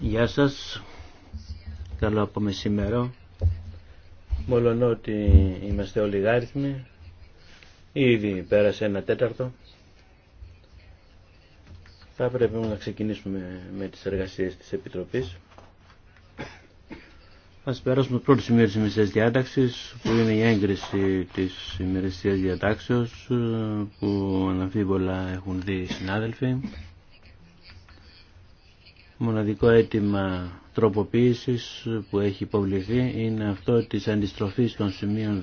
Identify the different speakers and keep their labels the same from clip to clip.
Speaker 1: Γεια σας. Καλό από μεσημερό. Μόλον ότι είμαστε όλοι γάριθμοι. Ήδη πέρασε ένα τέταρτο. Θα πρέπει να ξεκινήσουμε με τις εργασίες της Επιτροπής. Ας περάσουμε το πρώτο σημείο της ημερησίας που είναι η έγκριση της ημερησία διατάξεως ε, που αναμφίβολα έχουν δει οι συνάδελφοι. Μοναδικό αίτημα τροποποίηση που έχει υποβληθεί είναι αυτό της αντιστροφής των σημείων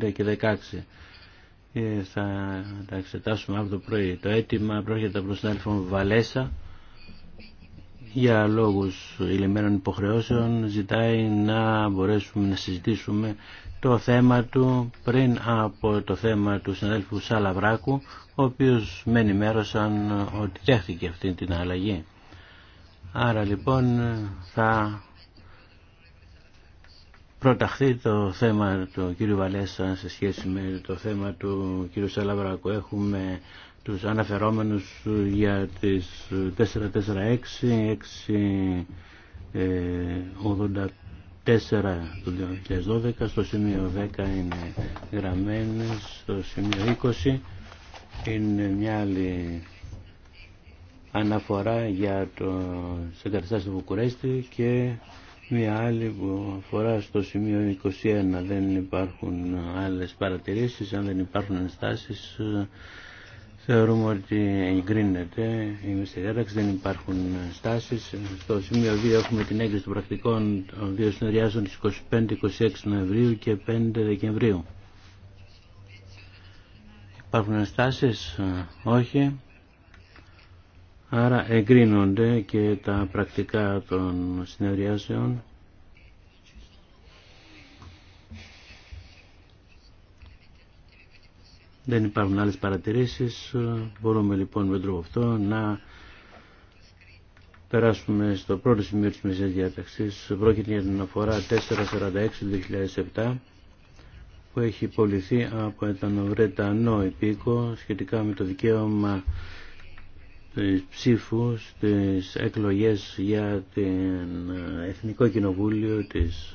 Speaker 1: 15 και 16. Ε, θα τα εξετάσουμε από το πρωί. Το αίτημα πρόκειται από τον συνάδελφο Βαλέσα για λόγους ηλεμένων υποχρεώσεων ζητάει να μπορέσουμε να συζητήσουμε το θέμα του πριν από το θέμα του συναδέλφου Σαλαβράκου ο οποίος με ενημέρωσαν ότι δέχθηκε αυτή την αλλαγή. Άρα λοιπόν θα προταχθεί το θέμα του κύριου Βαλέσσα σε σχέση με το θέμα του κύριου Σαλαβράκου. Έχουμε τους αναφερόμενους για τις 446, 684 ε, του 2012, στο σημείο 10 είναι γραμμένες, στο σημείο 20 είναι μια άλλη αναφορά για το εγκαταστάσεις του Βουκουρέστη και μια άλλη που αφορά στο σημείο 21 δεν υπάρχουν άλλες παρατηρήσεις, αν δεν υπάρχουν ενστάσεις Θεωρούμε ότι εγκρίνεται η μισή δεν υπάρχουν στάσεις. Στο σημείο 2 έχουμε την έγκριση των πρακτικών των δύο συνεδριάσεων της 25-26 Νοεμβρίου και 5 Δεκεμβρίου. Υπάρχουν στάσεις, ε, όχι. Άρα εγκρίνονται και τα πρακτικά των συνεδριάσεων Δεν υπάρχουν άλλες παρατηρήσεις. Μπορούμε λοιπόν με τρόπο αυτό να περάσουμε στο πρώτο σημείο της μεσαίας διάταξης. Πρόκειται για την αναφορά 446-2007 που έχει υποληθεί από τον Βρετανό υπήκο σχετικά με το δικαίωμα της ψήφου στις εκλογές για την Εθνικό Κοινοβούλιο της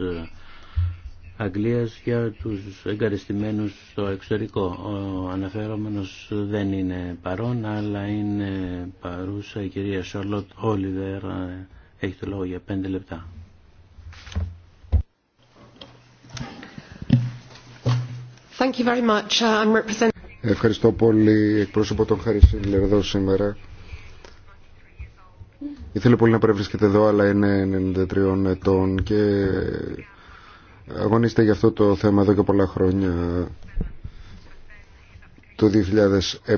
Speaker 1: Αγγλίας για τους εγκαριστημένους στο εξωτερικό. Ο αναφερόμενος δεν είναι παρόν, αλλά είναι παρούσα η κυρία Σαρλότ Όλιβερ. Έχει το λόγο για πέντε λεπτά.
Speaker 2: Thank you very much. Uh, I'm representing... Ευχαριστώ πολύ. Εκπρόσωπο των Χαρισίλ εδώ σήμερα. Ήθελε πολύ να παρευρίσκεται εδώ, αλλά είναι 93 ετών και Αγωνίστε για αυτό το θέμα εδώ και πολλά χρόνια. Το 2007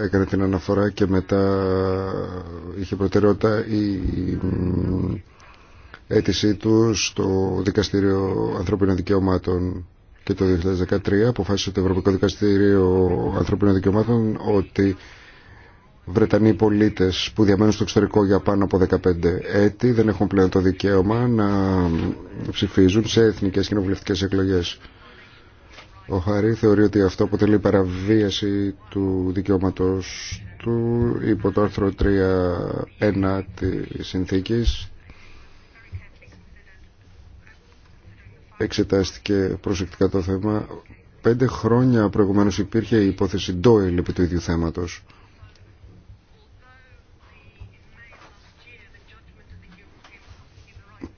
Speaker 2: έκανε την αναφορά και μετά είχε προτεραιότητα η αίτησή του στο Δικαστήριο Ανθρωπίνων Δικαιωμάτων και το 2013 αποφάσισε το Ευρωπαϊκό Δικαστήριο Ανθρωπίνων Δικαιωμάτων ότι Βρετανοί πολίτες που διαμένουν στο εξωτερικό για πάνω από 15 έτη δεν έχουν πλέον το δικαίωμα να ψηφίζουν σε εθνικές κοινοβουλευτικέ εκλογές. Ο Χαρή θεωρεί ότι αυτό αποτελεί παραβίαση του δικαιώματος του υπό το άρθρο 3.1 της συνθήκης. Εξετάστηκε προσεκτικά το θέμα. Πέντε χρόνια προηγουμένως υπήρχε η υπόθεση Ντόιλ επί του ίδιου θέματος.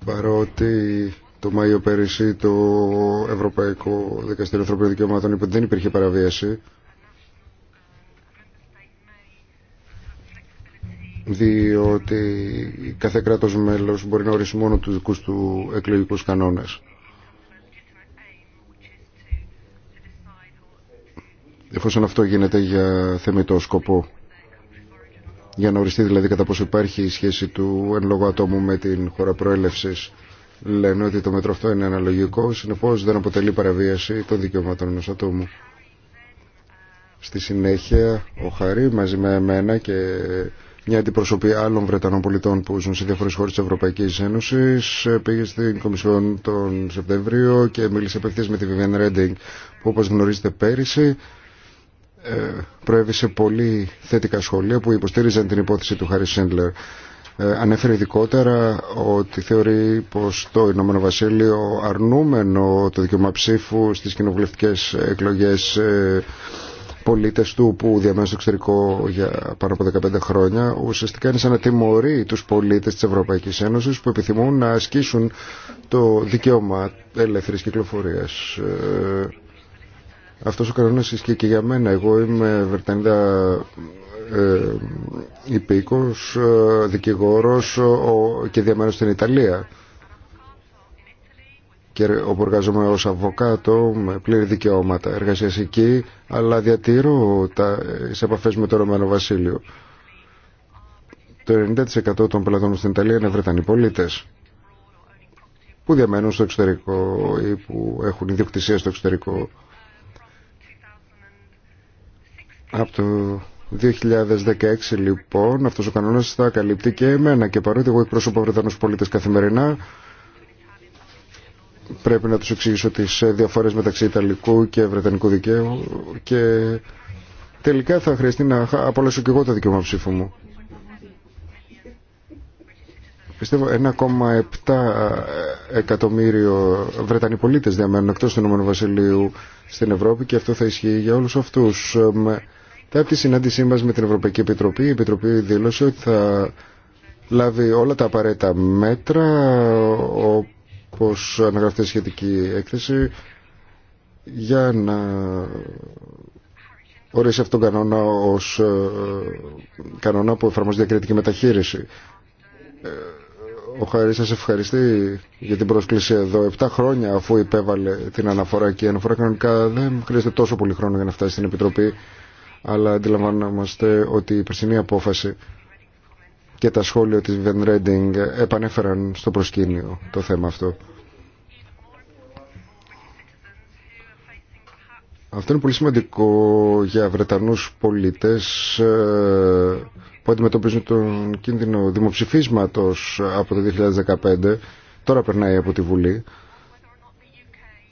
Speaker 2: Παρότι το Μάιο πέρυσι το Ευρωπαϊκό Δικαστήριο Ανθρωπίνων Δικαιωμάτων είπε ότι δεν υπήρχε παραβίαση, διότι κάθε κράτος μέλος μπορεί να ορίσει μόνο τους δικούς του εκλογικού κανόνες. Εφόσον αυτό γίνεται για θεμητό σκοπό για να οριστεί δηλαδή κατά πόσο υπάρχει η σχέση του εν λόγω ατόμου με την χώρα πρόέλευση, Λένε ότι το μέτρο αυτό είναι αναλογικό, Συνεπώ δεν αποτελεί παραβίαση των δικαιωμάτων ενό ατόμου. Στη συνέχεια, ο Χαρή μαζί με εμένα και μια αντιπροσωπή άλλων Βρετανών πολιτών που ζουν σε διάφορε χώρε τη Ευρωπαϊκή Ένωση πήγε στην Κομισιόν τον Σεπτέμβριο και μίλησε απευθεία με τη Vivian Ρέντινγκ, που όπω γνωρίζετε πέρυσι ε, προέβησε πολύ θετικά σχόλια που υποστήριζαν την υπόθεση του Χάρι Σέντλερ. Ε, ανέφερε ειδικότερα ότι θεωρεί πως το Ηνωμένο Βασίλειο αρνούμενο το δικαίωμα ψήφου στις κοινοβουλευτικές εκλογές ε, πολίτες του που διαμένουν στο εξωτερικό για πάνω από 15 χρόνια ουσιαστικά είναι σαν να τιμωρεί τους πολίτες της Ευρωπαϊκής Ένωσης που επιθυμούν να ασκήσουν το δικαίωμα ελεύθερης κυκλοφορίας αυτός ο κανόνα ισχύει και για μένα. Εγώ είμαι Βρετανίδα ε, υπήκος, ε, δικηγόρος και διαμένω στην Ιταλία. Και όπου εργάζομαι ως αβοκάτο με πλήρη δικαιώματα εργασία εκεί, αλλά διατηρώ τα, σε με το Ρωμανό Βασίλειο. Το 90% των πελατών στην Ιταλία είναι Βρετανοί πολίτες που διαμένουν στο εξωτερικό ή που έχουν ιδιοκτησία στο εξωτερικό. Από το 2016 λοιπόν αυτός ο κανόνα θα καλύπτει και εμένα και παρότι εγώ εκπροσωπώ βρετανου πολίτε καθημερινά πρέπει να του εξηγήσω τις ε, διαφορές μεταξύ Ιταλικού και Βρετανικού δικαίου και τελικά θα χρειαστεί να απολέσω και εγώ το δικαίωμα ψήφου μου. Πιστεύω 1,7 ε, εκατομμύριο Βρετανοί πολίτες διαμένουν εκτός του Ηνωμένου Βασιλείου στην Ευρώπη και αυτό θα ισχύει για όλους αυτούς. Μετά από τη συνάντησή μα με την Ευρωπαϊκή Επιτροπή, η Επιτροπή δήλωσε ότι θα λάβει όλα τα απαραίτητα μέτρα, όπω αναγραφεί σχετική έκθεση, για να ορίσει αυτόν τον κανόνα ως ε, κανόνα που εφαρμόζει διακριτική μεταχείριση. Ε, ο Χαρή σα ευχαριστεί για την πρόσκληση εδώ. Επτά χρόνια αφού υπέβαλε την αναφορά και η αναφορά κανονικά δεν χρειάζεται τόσο πολύ χρόνο για να φτάσει στην Επιτροπή αλλά αντιλαμβανόμαστε ότι η περσινή απόφαση και τα σχόλια της Βεν Ρέντινγκ επανέφεραν στο προσκήνιο το θέμα αυτό. Αυτό είναι πολύ σημαντικό για Βρετανούς πολίτες ε, που αντιμετωπίζουν τον κίνδυνο δημοψηφίσματος από το 2015. Τώρα περνάει από τη Βουλή.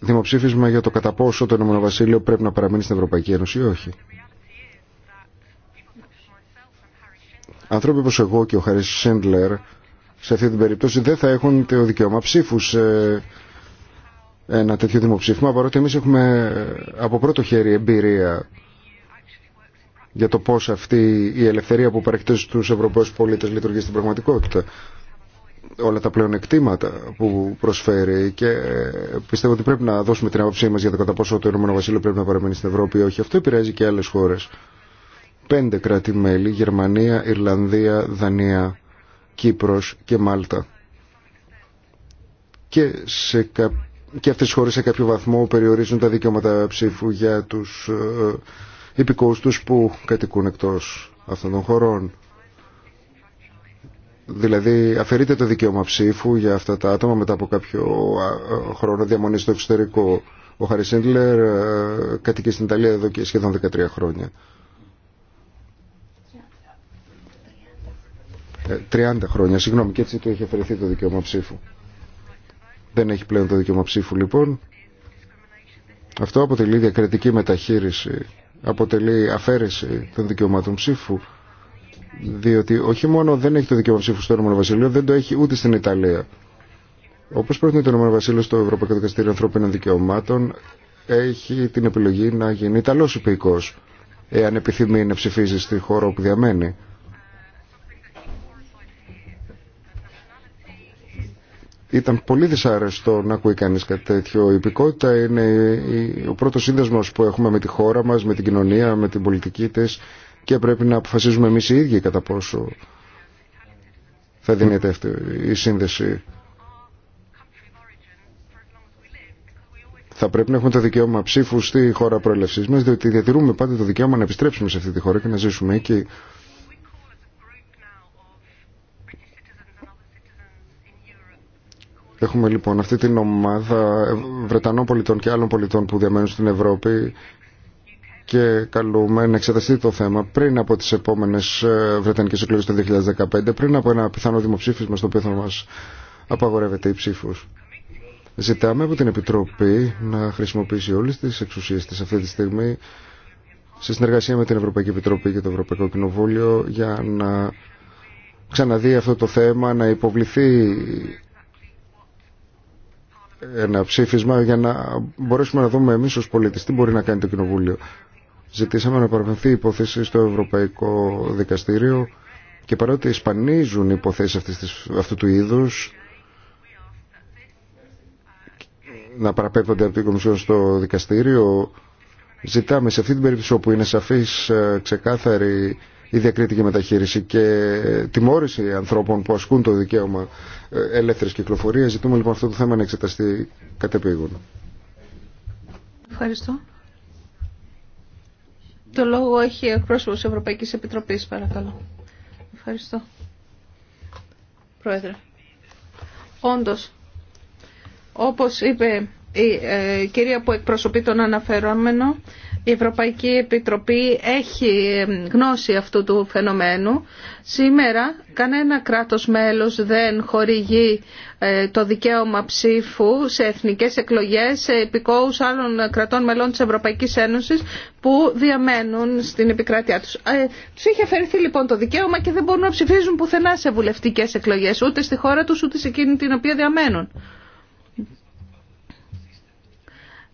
Speaker 2: Δημοψήφισμα για το κατά πόσο το Ηνωμένο πρέπει να παραμείνει στην Ευρωπαϊκή Ένωση ή όχι. Άνθρωποι όπως εγώ και ο Χαρίς Σίντλερ σε αυτή την περίπτωση δεν θα έχουν το δικαίωμα ψήφου σε ένα τέτοιο δημοψήφισμα παρότι εμείς έχουμε ε, από πρώτο χέρι εμπειρία για το πώς αυτή η ελευθερία που παρέχεται στους Ευρωπαίους πολίτες λειτουργεί στην πραγματικότητα όλα τα πλεονεκτήματα που προσφέρει και ε, πιστεύω ότι πρέπει να δώσουμε την άποψή μας για το κατά πόσο το Ηνωμένο Βασίλειο πρέπει να παραμείνει στην Ευρώπη ή όχι. Αυτό επηρεάζει και άλλες χώρες πέντε κράτη-μέλη, Γερμανία, Ιρλανδία, Δανία, Κύπρος και Μάλτα. Και, σε κα... και αυτές οι χώρες σε κάποιο βαθμό περιορίζουν τα δικαιώματα ψήφου για τους ε, ε τους που κατοικούν εκτός αυτών των χωρών. Δηλαδή αφαιρείται το δικαίωμα ψήφου για αυτά τα άτομα μετά από κάποιο ε, χρόνο διαμονή στο εξωτερικό. Ο Χαρισίντλερ ε, κατοικεί στην Ιταλία εδώ και σχεδόν 13 χρόνια. 30 χρόνια, συγγνώμη, και έτσι του έχει αφαιρεθεί το δικαίωμα ψήφου. Δεν έχει πλέον το δικαίωμα ψήφου λοιπόν. Αυτό αποτελεί διακριτική μεταχείριση, αποτελεί αφαίρεση των δικαιωμάτων ψήφου, διότι όχι μόνο δεν έχει το δικαίωμα ψήφου στο Ηνωμένο Βασίλειο, δεν το έχει ούτε στην Ιταλία. Όπω προτείνει το Ηνωμένο Βασίλειο στο Ευρωπαϊκό Δικαστήριο Ανθρωπίνων Δικαιωμάτων, έχει την επιλογή να γίνει Ιταλό υπηκό, εάν επιθυμεί να ψηφίζει στη χώρα όπου διαμένει. Ήταν πολύ δυσάρεστο να ακούει κανεί κάτι τέτοιο. Η υπηκότητα είναι ο πρώτο σύνδεσμο που έχουμε με τη χώρα μα, με την κοινωνία, με την πολιτική τη και πρέπει να αποφασίζουμε εμεί οι ίδιοι κατά πόσο θα δίνεται αυτή η σύνδεση. Θα πρέπει να έχουμε το δικαίωμα ψήφου στη χώρα προέλευσή μα, διότι διατηρούμε πάντα το δικαίωμα να επιστρέψουμε σε αυτή τη χώρα και να ζήσουμε εκεί. Έχουμε λοιπόν αυτή την ομάδα Βρετανών πολιτών και άλλων πολιτών που διαμένουν στην Ευρώπη και καλούμε να εξεταστεί το θέμα πριν από τις επόμενες ε, Βρετανικές εκλογές το 2015, πριν από ένα πιθανό δημοψήφισμα στο οποίο θα μας απαγορεύεται η ψήφος. Ζητάμε από την Επιτροπή να χρησιμοποιήσει όλες τις εξουσίες της αυτή τη στιγμή σε συνεργασία με την Ευρωπαϊκή Επιτροπή και το Ευρωπαϊκό Κοινοβούλιο για να ξαναδεί αυτό το θέμα, να υποβληθεί ένα ψήφισμα για να μπορέσουμε να δούμε εμείς ως πολίτες τι μπορεί να κάνει το Κοινοβούλιο. Ζητήσαμε να παραπαινθεί η υπόθεση στο Ευρωπαϊκό Δικαστήριο και παρότι σπανίζουν οι υποθέσεις αυτής της, αυτού του είδους να παραπέμπονται από την Κομισιόν στο Δικαστήριο ζητάμε σε αυτή την περίπτωση όπου είναι σαφής ε, ξεκάθαρη η διακριτική μεταχείριση και τιμώρηση ανθρώπων που ασκούν το δικαίωμα ε, ελεύθερη κυκλοφορία. Ζητούμε λοιπόν αυτό το θέμα να εξεταστεί κατεπήγον.
Speaker 3: Ευχαριστώ. Το λόγο έχει εκπρόσωπο τη Ευρωπαϊκή Επιτροπή, παρακαλώ. Ευχαριστώ. Πρόεδρε. Όντω, Όπω είπε η ε, κυρία που εκπροσωπεί τον αναφερόμενο, η Ευρωπαϊκή Επιτροπή έχει γνώση αυτού του φαινομένου. Σήμερα κανένα κράτος μέλος δεν χορηγεί ε, το δικαίωμα ψήφου σε εθνικές εκλογές σε επικόους άλλων κρατών μελών της Ευρωπαϊκής Ένωσης που διαμένουν στην επικράτειά τους. Ε, τους έχει αφαιρεθεί λοιπόν το δικαίωμα και δεν μπορούν να ψηφίζουν πουθενά σε βουλευτικές εκλογές, ούτε στη χώρα τους ούτε σε εκείνη την οποία διαμένουν.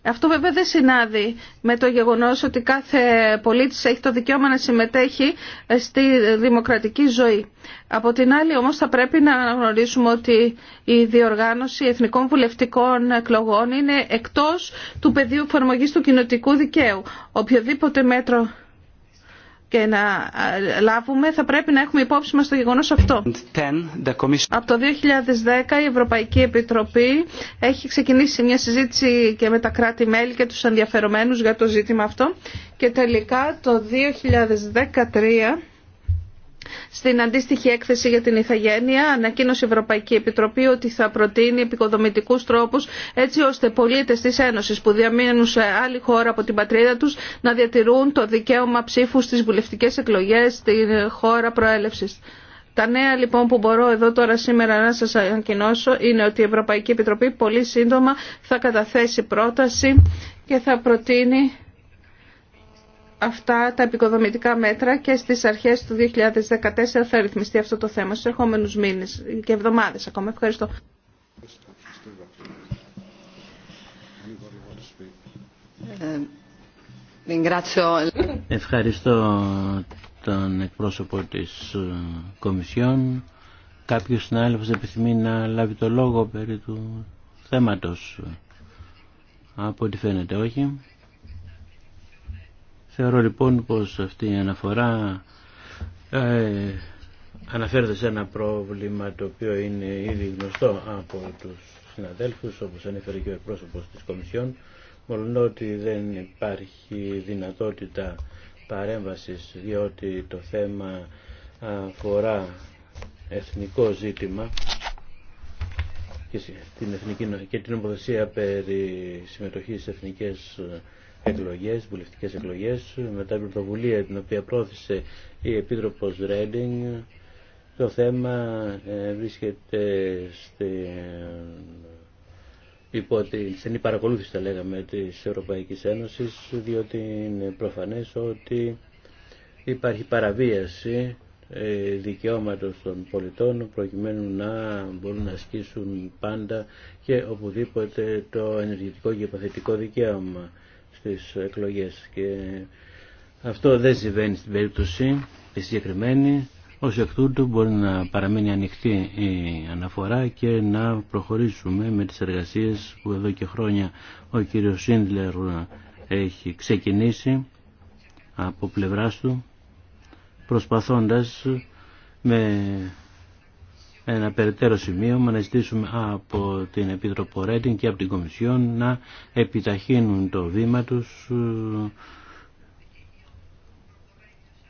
Speaker 3: Αυτό βέβαια δεν συνάδει με το γεγονός ότι κάθε πολίτης έχει το δικαίωμα να συμμετέχει στη δημοκρατική ζωή. Από την άλλη όμως θα πρέπει να αναγνωρίσουμε ότι η διοργάνωση εθνικών βουλευτικών εκλογών είναι εκτός του πεδίου εφαρμογή του κοινοτικού δικαίου. Οποιοδήποτε μέτρο και να λάβουμε, θα πρέπει να έχουμε υπόψη μας το γεγονός αυτό. Από το 2010 η Ευρωπαϊκή Επιτροπή έχει ξεκινήσει μια συζήτηση και με τα κράτη-μέλη και τους ενδιαφερομένους για το ζήτημα αυτό και τελικά το 2013 στην αντίστοιχη έκθεση για την Ιθαγένεια ανακοίνωσε η Ευρωπαϊκή Επιτροπή ότι θα προτείνει επικοδομητικού τρόπου έτσι ώστε πολίτε τη Ένωση που διαμείνουν σε άλλη χώρα από την πατρίδα του να διατηρούν το δικαίωμα ψήφου στι βουλευτικέ εκλογέ στην χώρα προέλευση. Τα νέα λοιπόν που μπορώ εδώ τώρα σήμερα να σας ανακοινώσω είναι ότι η Ευρωπαϊκή Επιτροπή πολύ σύντομα θα καταθέσει πρόταση και θα προτείνει αυτά τα επικοδομητικά μέτρα και στις αρχές του 2014 θα ρυθμιστεί αυτό το θέμα στους ερχόμενους μήνες και εβδομάδες ακόμα. Ευχαριστώ.
Speaker 1: Ευχαριστώ τον εκπρόσωπο της ε, Κομισιόν. Κάποιος συνάδελφος επιθυμεί να λάβει το λόγο περί του θέματος. Ε, από ό,τι φαίνεται όχι. Θεωρώ λοιπόν πως αυτή η αναφορά ε, αναφέρεται σε ένα πρόβλημα το οποίο είναι ήδη γνωστό από τους συναδέλφους όπως ανέφερε και ο εκπρόσωπος της Κομισιόν μόνο ότι δεν υπάρχει δυνατότητα παρέμβασης διότι το θέμα αφορά εθνικό ζήτημα και την, εθνική, και την νομοθεσία περί συμμετοχής εθνικές εκλογές, βουλευτικές εκλογές, μετά την πρωτοβουλία την οποία πρόθεσε η Επίτροπος Ρέντινγκ, το θέμα ε, βρίσκεται στην, ε, υπό τη, στην υπαρακολούθηση, θα λέγαμε, της Ευρωπαϊκής Ένωσης, διότι είναι προφανές ότι υπάρχει παραβίαση ε, δικαιώματος των πολιτών προκειμένου να μπορούν να ασκήσουν πάντα και οπουδήποτε το ενεργητικό και υποθετικό δικαίωμα στις εκλογές και αυτό δεν συμβαίνει στην περίπτωση τη συγκεκριμένη. Ως εκ τούτου μπορεί να παραμείνει ανοιχτή η αναφορά και να προχωρήσουμε με τις εργασίες που εδώ και χρόνια ο κύριος Σίντλερ έχει ξεκινήσει από πλευράς του προσπαθώντας με ένα περαιτέρω σημείωμα να ζητήσουμε από την Επίτροπο Ρέντινγκ και από την Κομισιόν να επιταχύνουν το βήμα τους ε,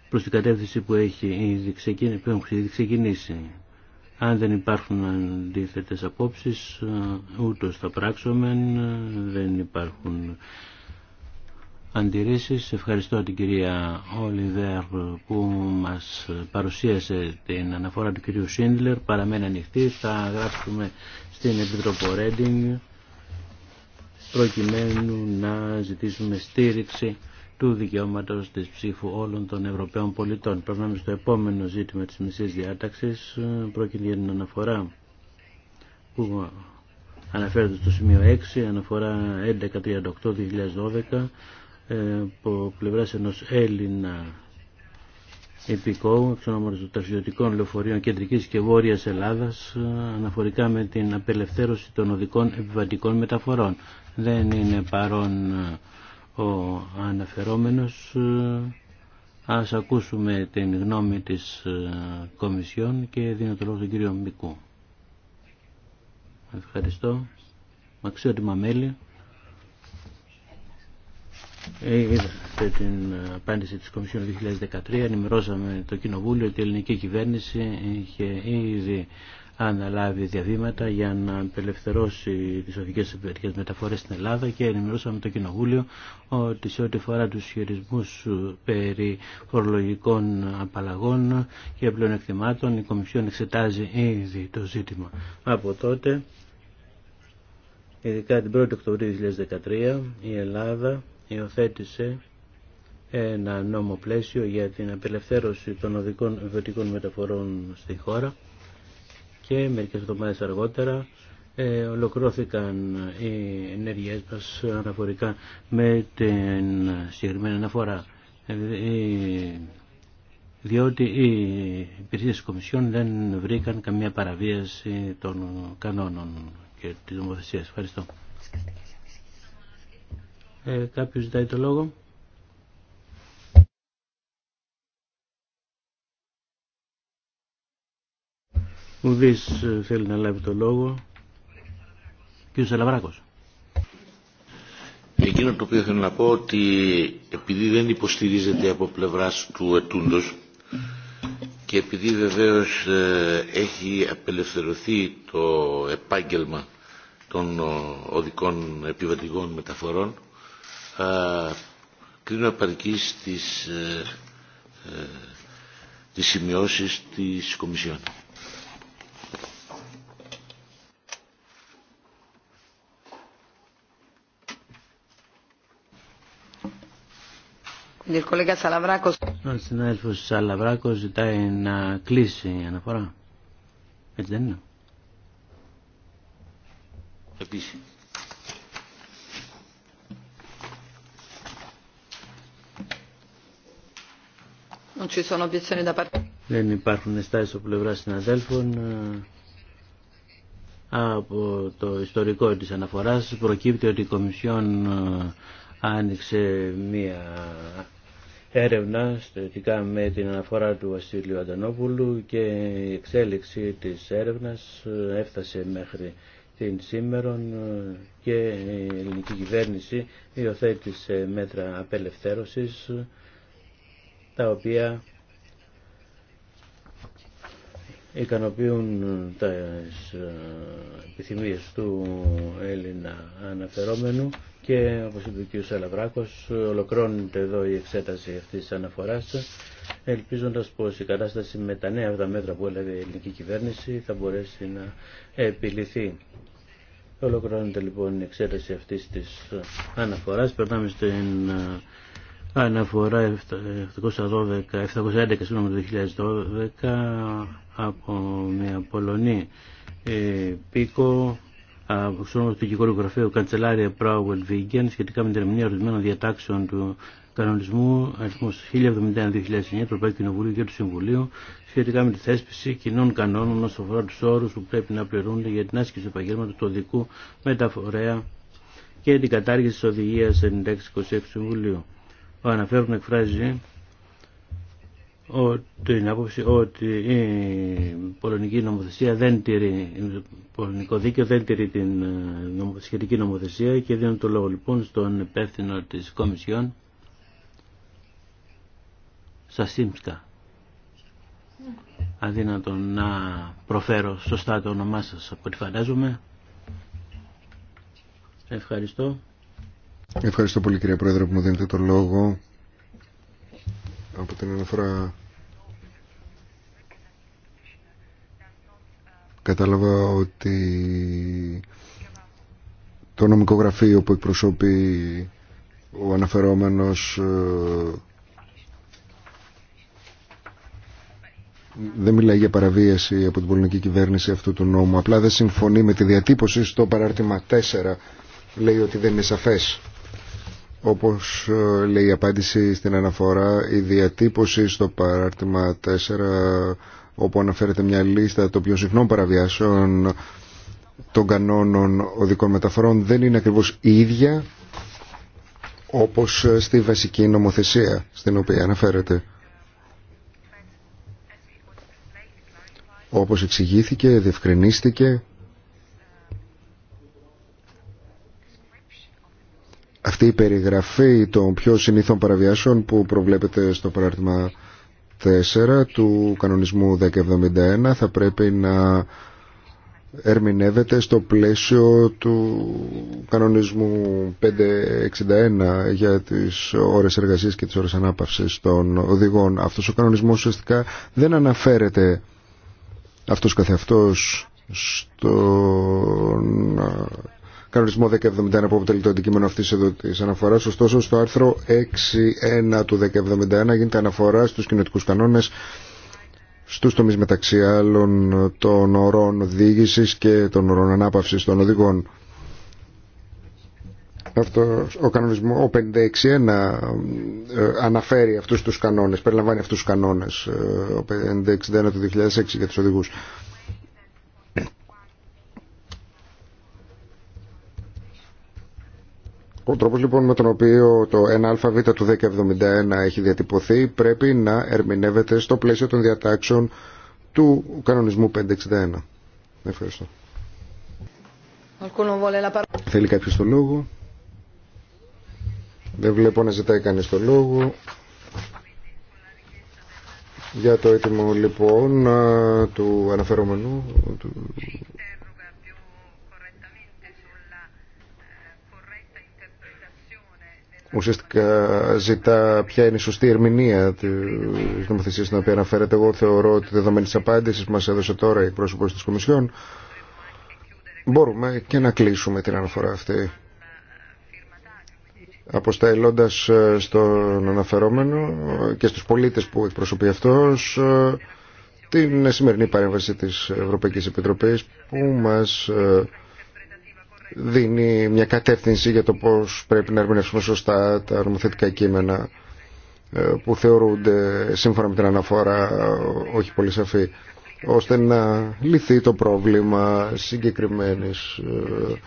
Speaker 1: προς την κατεύθυνση που, έχει ήδη που έχουν ήδη ξεκινήσει. Αν δεν υπάρχουν αντίθετες απόψεις, ε, ούτως θα πράξουμε. Ε, δεν υπάρχουν αντιρρήσεις. Ευχαριστώ την κυρία Όλιβερ που μας παρουσίασε την αναφορά του κυρίου Σίντλερ. Παραμένει ανοιχτή. Θα γράψουμε στην Επιτροπό Ρέντινγκ προκειμένου να ζητήσουμε στήριξη του δικαιώματος της ψήφου όλων των Ευρωπαίων πολιτών. Περνάμε στο επόμενο ζήτημα της μισής διάταξης. Πρόκειται για την αναφορά που αναφέρεται στο σημείο 6, αναφορά 1138-2012 από πλευρά ενό Έλληνα υπηκόου, εξ των ταξιδιωτικών λεωφορείων κεντρική και βόρειας Ελλάδας αναφορικά με την απελευθέρωση των οδικών επιβατικών μεταφορών. Δεν είναι παρόν ε, ο αναφερόμενος. Ε, ας ακούσουμε την γνώμη της ε, Κομισιόν και δίνω το λόγο στον κύριο Μικού. Ευχαριστώ. Αξιότιμα μέλη. Ε, είδατε την απάντηση της Κομισιόν 2013, ενημερώσαμε το Κοινοβούλιο ότι η ελληνική κυβέρνηση είχε ήδη αναλάβει διαβήματα για να απελευθερώσει τις οδικές υπηρετικές μεταφορές στην Ελλάδα και ενημερώσαμε το Κοινοβούλιο ότι σε ό,τι φορά τους χειρισμούς περί φορολογικών απαλλαγών και εκτιμάτων, η Κομισιόν εξετάζει ήδη το ζήτημα. Από τότε, ειδικά την 1η Οκτωβρίου 2013, η Ελλάδα υιοθέτησε ένα νόμο πλαίσιο για την απελευθέρωση των οδικών βιωτικών μεταφορών στη χώρα και μερικές εβδομάδες αργότερα ε, ολοκληρώθηκαν οι ενέργειές μας αναφορικά με την συγκεκριμένη αναφορά ε, ε, διότι οι υπηρεσίες της Κομισιόν δεν βρήκαν καμία παραβίαση των κανόνων και της νομοθεσίας. Ευχαριστώ. Ε, κάποιος ζητάει το λόγο. Ουδής ε, θέλει να λάβει το λόγο. Κύριος Σαλαβράκος. Ε, εκείνο το οποίο θέλω να πω ότι επειδή δεν υποστηρίζεται από πλευράς του ετούντος και επειδή βεβαίως ε, έχει απελευθερωθεί το επάγγελμα των οδικών επιβατικών μεταφορών θα κρίνω επαρκής τις, ε, ε, τις σημειώσεις της Κομισιόν.
Speaker 3: Ο
Speaker 1: συνάδελφος Σαλαβράκος ζητάει να κλείσει η αναφορά. Έτσι δεν είναι. Επίσης. Δεν υπάρχουν στάσεις από πλευρά συναδέλφων. Ε, από το ιστορικό της αναφοράς προκύπτει ότι η Κομισιόν ε, άνοιξε μία έρευνα σχετικά με την αναφορά του Βασίλειου Αντανόπουλου και η εξέλιξη της έρευνας ε, έφτασε μέχρι την σήμερα και η ελληνική κυβέρνηση υιοθέτησε μέτρα απελευθέρωσης τα οποία ικανοποιούν τις ε, επιθυμίες του Έλληνα αναφερόμενου και όπως είπε ο κ. Σαλαβράκος ολοκληρώνεται εδώ η εξέταση αυτής της αναφοράς ελπίζοντας πως η κατάσταση με τα νέα αυτά μέτρα που έλεγε η ελληνική κυβέρνηση θα μπορέσει να επιληθεί. Ολοκληρώνεται λοιπόν η εξέταση αυτής της αναφοράς. Περνάμε στην ε, Αναφορά 712, 711 συγγνώμη το 2012 από μια Πολωνή ε, πίκο από του Δικηγόρου Γραφείου Καντσελάρια Πράουελ Βίγκεν σχετικά με την ερμηνεία ορισμένων διατάξεων του κανονισμού αριθμό 1071-2009 του Ευρωπαϊκού Κοινοβουλίου και του Συμβουλίου σχετικά με τη θέσπιση κοινών κανόνων όσον αφορά του όρου που πρέπει να πληρούνται για την άσκηση του επαγγέλματο του οδικού μεταφορέα και την κατάργηση τη οδηγία 96-26 του Συμβουλίου. Αναφέρον εκφράζει την άποψη ότι η πολωνική νομοθεσία δεν τηρεί, το πολωνικό δίκαιο δεν τηρεί την ε, σχετική νομοθεσία και δίνω το λόγο λοιπόν στον υπεύθυνο της Κομισιόν Σασίμσκα. Αδύνατο να προφέρω σωστά το όνομά σας από ό,τι φαντάζομαι. Ευχαριστώ.
Speaker 2: Ευχαριστώ πολύ κύριε Πρόεδρε που μου δίνετε το λόγο από την αναφορά κατάλαβα ότι το νομικό γραφείο που εκπροσωπεί ο αναφερόμενος ε, δεν μιλάει για παραβίαση από την πολιτική κυβέρνηση αυτού του νόμου απλά δεν συμφωνεί με τη διατύπωση στο παράρτημα 4 λέει ότι δεν είναι σαφές όπως ε, λέει η απάντηση στην αναφορά, η διατύπωση στο παράρτημα 4 όπου αναφέρεται μια λίστα των πιο συχνών παραβιάσεων των κανόνων οδικών μεταφορών δεν είναι ακριβώς ίδια όπως στη βασική νομοθεσία στην οποία αναφέρεται. Όπως εξηγήθηκε, διευκρινίστηκε αυτή η περιγραφή των πιο συνήθων παραβιάσεων που προβλέπεται στο παράρτημα 4 του κανονισμού 1071 θα πρέπει να ερμηνεύεται στο πλαίσιο του κανονισμού 561 για τις ώρες εργασίας και τις ώρες ανάπαυσης των οδηγών. Αυτός ο κανονισμός ουσιαστικά δεν αναφέρεται αυτός καθεαυτός στον κανονισμό 1071 που αποτελεί το αντικείμενο αυτής εδώ της αναφοράς. Ωστόσο στο άρθρο 6.1 του 1071 γίνεται αναφορά στου κοινωτικούς κανόνες στους τομείς μεταξύ άλλων των ορών οδήγηση και των ορών ανάπαυσης των οδηγών. Αυτό, ο κανονισμό, ο 561 ε, αναφέρει αυτούς τους κανόνες, περιλαμβάνει αυτούς τους κανόνες, ε, ο 561 του 2006 για τους οδηγούς. Ο τρόπος λοιπόν με τον οποίο το 1αβ του 1071 έχει διατυπωθεί πρέπει να ερμηνεύεται στο πλαίσιο των διατάξεων του κανονισμού 561. Ευχαριστώ. Θέλει κάποιος το λόγο. Δεν βλέπω να ζητάει κανείς το λόγο. Για το έτοιμο λοιπόν του αναφερόμενου ουσιαστικά ζητά ποια είναι η σωστή ερμηνεία τη νομοθεσία στην οποία αναφέρεται. Εγώ θεωρώ ότι δεδομένη τη απάντηση που μα έδωσε τώρα η πρόσωπο τη Κομισιόν, μπορούμε και να κλείσουμε την αναφορά αυτή. αποσταλώντα ε, στον αναφερόμενο και στου πολίτε που εκπροσωπεί αυτό ε, την σημερινή παρέμβαση της Ευρωπαϊκής Επιτροπής που μας ε, δίνει μια κατεύθυνση για το πώς πρέπει να ερμηνεύσουμε σωστά τα νομοθετικά κείμενα ε, που θεωρούνται σύμφωνα με την αναφορά όχι πολύ σαφή ώστε να λυθεί το πρόβλημα συγκεκριμένης ε,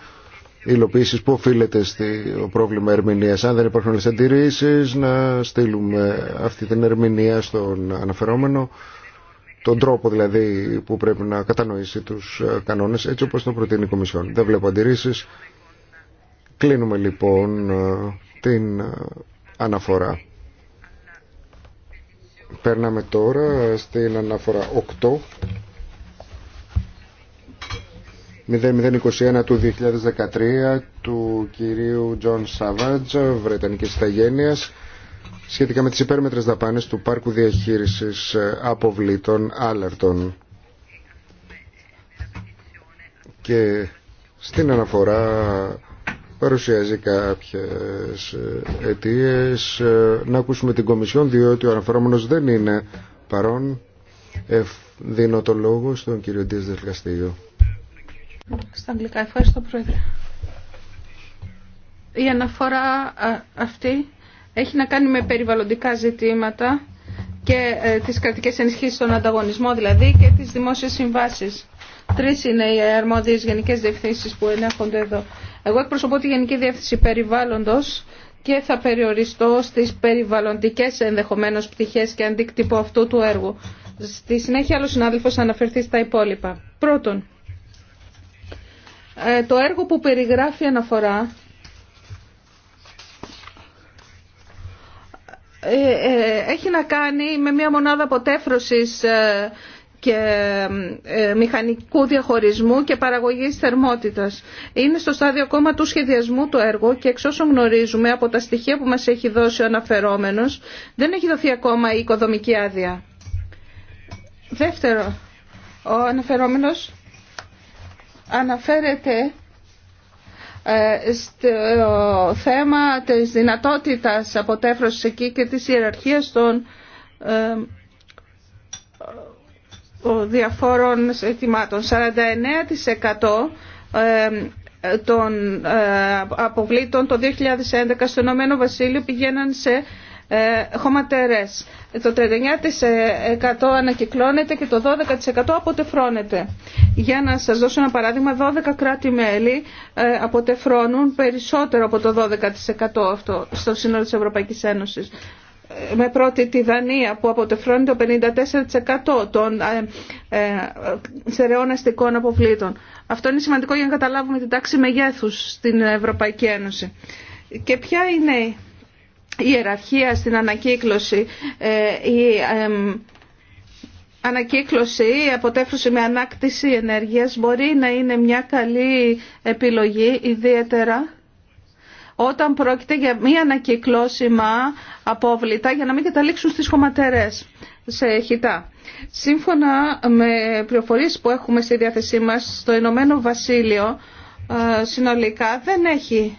Speaker 2: υλοποίησης που οφείλεται στο πρόβλημα ερμηνείας. Αν δεν υπάρχουν άλλες αντιρρήσεις να στείλουμε αυτή την ερμηνεία στον αναφερόμενο τον τρόπο δηλαδή που πρέπει να κατανοήσει τους ε, κανόνες έτσι όπως το προτείνει η Κομισιόν. Δεν βλέπω αντιρρήσεις. Κλείνουμε λοιπόν ε, την ε, αναφορά. Παίρναμε τώρα στην αναφορά 8. 0021 του 2013 του κυρίου Τζον Σαβάτζ, Βρετανικής Ιταγένειας σχετικά με τις υπέρμετρες δαπάνες του Πάρκου Διαχείρισης ε, Αποβλήτων Άλλαρτων. Και στην αναφορά παρουσιάζει κάποιες ε, αιτίες. Ε, να ακούσουμε την Κομισιόν, διότι ο αναφερόμενος δεν είναι παρόν. Δίνω το λόγο στον κύριο Ντίας Δελκαστήγιο.
Speaker 3: Στα αγγλικά, ευχαριστώ Πρόεδρε. Η αναφορά αυτή έχει να κάνει με περιβαλλοντικά ζητήματα και ε, τις κρατικές ενισχύσεις στον ανταγωνισμό δηλαδή και τις δημόσιες συμβάσεις. Τρεις είναι οι αρμόδιες γενικές διευθύνσεις που ενέχονται εδώ. Εγώ εκπροσωπώ τη Γενική Διεύθυνση Περιβάλλοντος και θα περιοριστώ στις περιβαλλοντικές ενδεχομένως πτυχές και αντίκτυπο αυτού του έργου. Στη συνέχεια άλλο συνάδελφος θα αναφερθεί στα υπόλοιπα. Πρώτον, ε, το έργο που περιγράφει αναφορά Ε, ε, έχει να κάνει με μια μονάδα αποτέφρωσης ε, και μηχανικού διαχωρισμού και παραγωγής θερμότητας. Είναι στο στάδιο ακόμα του σχεδιασμού του έργου και εξ όσων γνωρίζουμε από τα στοιχεία που μας έχει δώσει ο αναφερόμενος δεν έχει δοθεί ακόμα η οικοδομική άδεια. Δεύτερο, ο αναφερόμενος αναφέρεται ε, στο θέμα της δυνατότητας αποτέφρωσης εκεί και της ιεραρχίας των ε, διαφόρων αιτημάτων. 49% ε, των αποβλήτων το 2011 στο Ηνωμένο Βασίλειο πηγαίναν σε ε, χωματερές. Το 39% ανακυκλώνεται και το 12% αποτεφρώνεται. Για να σας δώσω ένα παράδειγμα, 12 κράτη-μέλη ε, αποτεφρώνουν περισσότερο από το 12% αυτό στο σύνολο της Ευρωπαϊκής Ένωσης. Ε, με πρώτη τη Δανία που αποτεφρώνει το 54% των στερεών αστικών αποβλήτων. Αυτό είναι σημαντικό για να καταλάβουμε την τάξη μεγέθους στην Ευρωπαϊκή Ένωση. Και ποια είναι η ιεραρχία στην ανακύκλωση, ε, η ανακύκλωση, η αποτέφρωση με ανάκτηση ενέργειας μπορεί να είναι μια καλή επιλογή ιδιαίτερα όταν πρόκειται για μη ανακυκλώσιμα απόβλητα για να μην καταλήξουν στις χωματερές σε χιτά. Σύμφωνα με πληροφορίες που έχουμε στη διάθεσή μας, στο Ηνωμένο Βασίλειο ε, συνολικά δεν έχει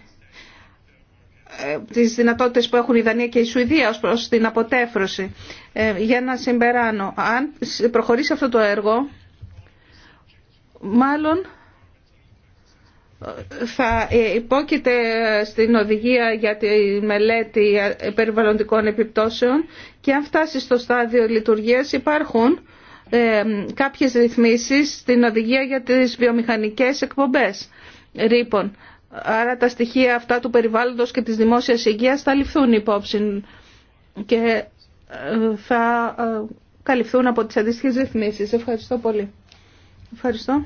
Speaker 3: ε, τις δυνατότητες που έχουν η Δανία και η Σουηδία ως προς την αποτέφρωση. Ε, για να συμπεράνω, αν προχωρήσει αυτό το έργο, μάλλον ε, θα υπόκειται στην οδηγία για τη μελέτη περιβαλλοντικών επιπτώσεων και αν φτάσει στο στάδιο λειτουργίας υπάρχουν κάποιες ρυθμίσεις στην οδηγία για τις βιομηχανικές εκπομπές ρήπων. Άρα τα στοιχεία αυτά του περιβάλλοντος και της δημόσιας υγείας θα ληφθούν υπόψη και ε, θα ε, καλυφθούν από τις αντίστοιχες ρυθμίσεις. Ευχαριστώ πολύ. Ευχαριστώ.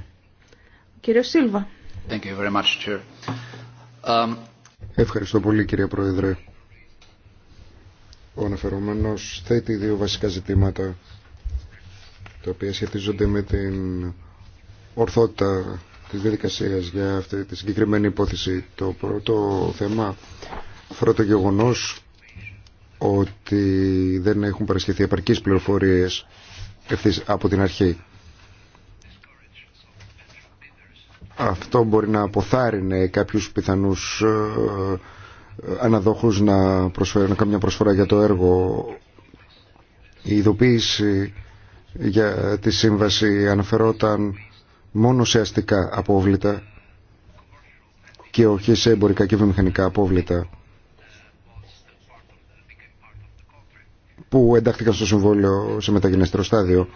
Speaker 3: Κύριο Σίλβα.
Speaker 2: Thank you very much, Chair. Um, Ευχαριστώ πολύ κύριε Πρόεδρε. Ο αναφερόμενος θέτει δύο βασικά ζητήματα τα οποία σχετίζονται με την ορθότητα Τη διαδικασία για αυτή τη συγκεκριμένη υπόθεση. Το πρώτο θέμα αφορά το ότι δεν έχουν παρασχεθεί επαρκείς πληροφορίες από την αρχή. Αυτό μπορεί να αποθάρρυνε κάποιους πιθανούς ε, αναδόχους να προσφέρουν καμιά προσφορά για το έργο. Η ειδοποίηση για τη σύμβαση αναφερόταν μόνο σε αστικά απόβλητα και όχι σε εμπορικά και βιομηχανικά απόβλητα που εντάχθηκαν στο Συμβόλαιο σε μεταγενέστερο στάδιο.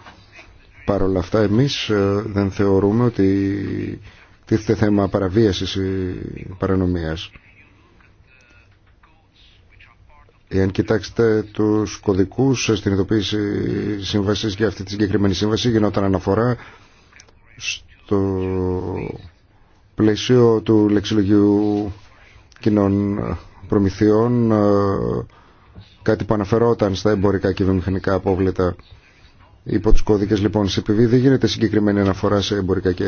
Speaker 2: Παρ' όλα αυτά εμείς ε, δεν θεωρούμε ότι τίθεται θέμα παραβίασης ή παρανομίας. Εάν κοιτάξετε τους κωδικούς στην ειδοποίηση σύμβασης για αυτή τη συγκεκριμένη σύμβαση γινόταν αναφορά στο πλαίσιο του λεξιλογίου κοινών προμηθειών ε, κάτι που αναφερόταν στα εμπορικά και βιομηχανικά απόβλητα υπό τους κώδικες λοιπόν σε επειδή δεν γίνεται συγκεκριμένη αναφορά σε εμπορικά και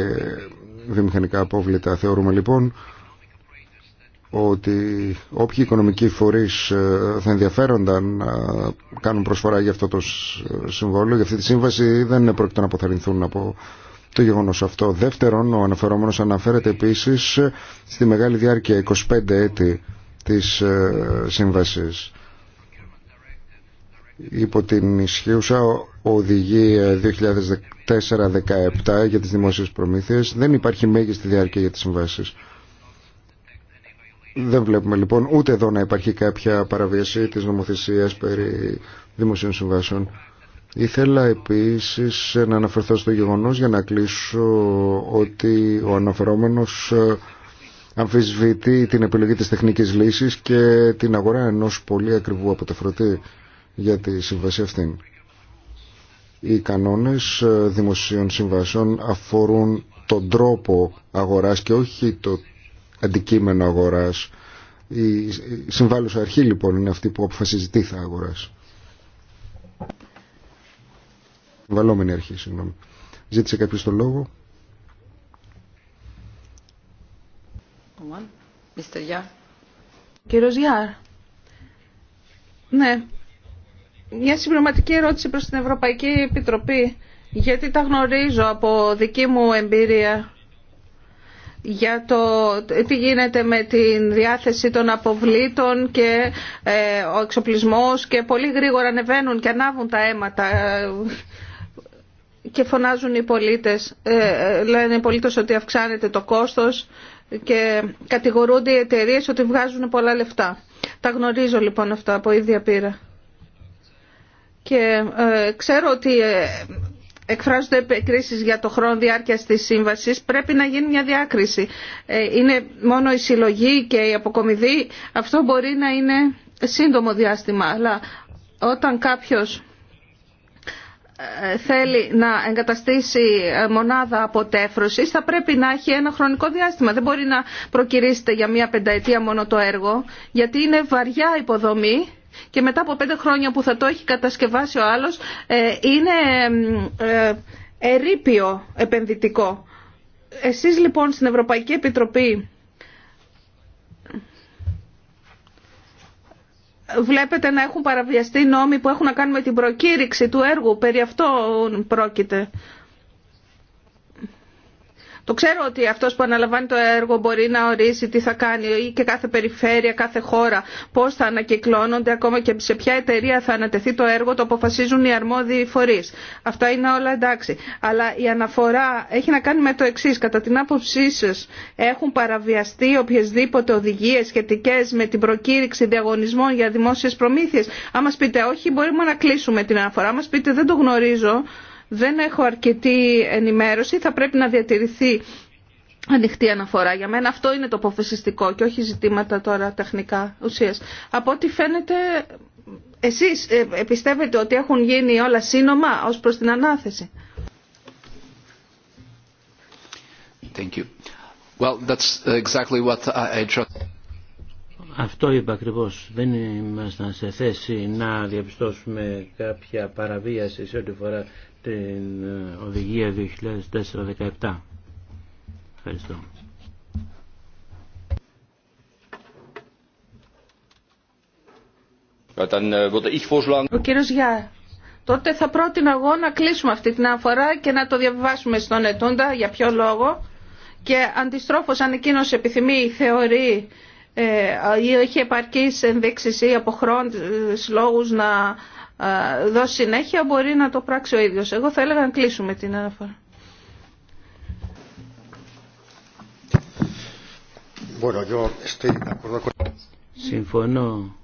Speaker 2: βιομηχανικά απόβλητα θεωρούμε λοιπόν ότι όποιοι οικονομικοί φορείς ε, θα ενδιαφέρονταν να κάνουν προσφορά για αυτό το συμβόλαιο, για αυτή τη σύμβαση, δεν πρόκειται να αποθαρρυνθούν από το γεγονός αυτό. Δεύτερον, ο αναφερόμενος αναφέρεται επίσης στη μεγάλη διάρκεια 25 έτη της ε, σύμβαση. υπό την ισχύουσα οδηγία 2014-17 για τις δημόσιες προμήθειες δεν υπάρχει μέγιστη διάρκεια για τις συμβάσεις. Δεν βλέπουμε λοιπόν ούτε εδώ να υπάρχει κάποια παραβίαση της νομοθεσίας περί δημοσίων συμβάσεων. Ήθελα επίσης να αναφερθώ στο γεγονός για να κλείσω ότι ο αναφερόμενος αμφισβητεί την επιλογή της τεχνικής λύσης και την αγορά ενός πολύ ακριβού αποτεφρωτή για τη συμβασία αυτήν. Οι κανόνες δημοσίων συμβασιών αφορούν τον τρόπο αγοράς και όχι το αντικείμενο αγοράς. Η συμβάλλουσα αρχή λοιπόν είναι αυτή που αποφασίζει τι θα αγοράσει. Βαλόμενη αρχή, συγγνώμη. Ζήτησε κάποιο το λόγο.
Speaker 3: Κύριο Γιάρ. Ναι. Μια συμπληρωματική ερώτηση προς την Ευρωπαϊκή Επιτροπή. Γιατί τα γνωρίζω από δική μου εμπειρία για το τι γίνεται με τη διάθεση των αποβλήτων και ε, ο εξοπλισμός και πολύ γρήγορα ανεβαίνουν και ανάβουν τα αίματα και φωνάζουν οι πολίτες, ε, ε, λένε οι πολίτες ότι αυξάνεται το κόστος και κατηγορούνται οι εταιρείε ότι βγάζουν πολλά λεφτά. Τα γνωρίζω λοιπόν αυτά από ίδια πείρα. Και ε, ξέρω ότι ε, εκφράζονται επικρίσεις για το χρόνο διάρκειας της σύμβασης. Πρέπει να γίνει μια διάκριση. είναι μόνο η συλλογή και η αποκομιδή. Αυτό μπορεί να είναι σύντομο διάστημα. Αλλά όταν κάποιος ε, θέλει να εγκαταστήσει ε, μονάδα αποτέφρωσης θα πρέπει να έχει ένα χρονικό διάστημα. Δεν μπορεί να προκυρήσετε για μία πενταετία μόνο το έργο γιατί είναι βαριά υποδομή και μετά από πέντε χρόνια που θα το έχει κατασκευάσει ο άλλος ε, είναι ερήπιο επενδυτικό. Εσείς λοιπόν στην Ευρωπαϊκή Επιτροπή βλέπετε να έχουν παραβιαστεί νόμοι που έχουν να κάνουν με την προκήρυξη του έργου. Περί αυτό πρόκειται. Το ξέρω ότι αυτός που αναλαμβάνει το έργο μπορεί να ορίσει τι θα κάνει ή και κάθε περιφέρεια, κάθε χώρα, πώς θα ανακυκλώνονται, ακόμα και σε ποια εταιρεία θα ανατεθεί το έργο, το αποφασίζουν οι αρμόδιοι φορείς. Αυτά είναι όλα εντάξει. Αλλά η αναφορά έχει να κάνει με το εξή. Κατά την άποψή σας έχουν παραβιαστεί οποιασδήποτε οδηγίες σχετικές με την προκήρυξη διαγωνισμών για δημόσιες προμήθειες. Αν μας πείτε όχι, μπορούμε να κλείσουμε την αναφορά. Αν μας πείτε δεν το γνωρίζω, δεν έχω αρκετή ενημέρωση, θα πρέπει να διατηρηθεί ανοιχτή αναφορά. Για μένα αυτό είναι το αποφασιστικό και όχι ζητήματα τώρα τεχνικά ουσίας. Από ό,τι φαίνεται εσείς ε, πιστεύετε ότι έχουν γίνει όλα σύνομα ως προς την ανάθεση.
Speaker 2: Thank you. Well, that's exactly what I...
Speaker 1: Αυτό είπα ακριβώ. Δεν ήμασταν σε θέση να διαπιστώσουμε κάποια παραβίαση σε ό,τι φορά την ε, οδηγία 2004-17. Ευχαριστώ.
Speaker 3: Ε, ε, Ο κύριο Γιά, τότε θα πρότεινα εγώ να κλείσουμε αυτή την αφορά και να το διαβάσουμε στον Ετούντα για ποιο λόγο και αντιστρόφως αν εκείνο επιθυμεί θεωρεί ή έχει επαρκείς ενδείξεις ή από λόγους να δώσει συνέχεια μπορεί να το πράξει ο ίδιος. Εγώ θα έλεγα να κλείσουμε την αναφορά.
Speaker 1: Συμφωνώ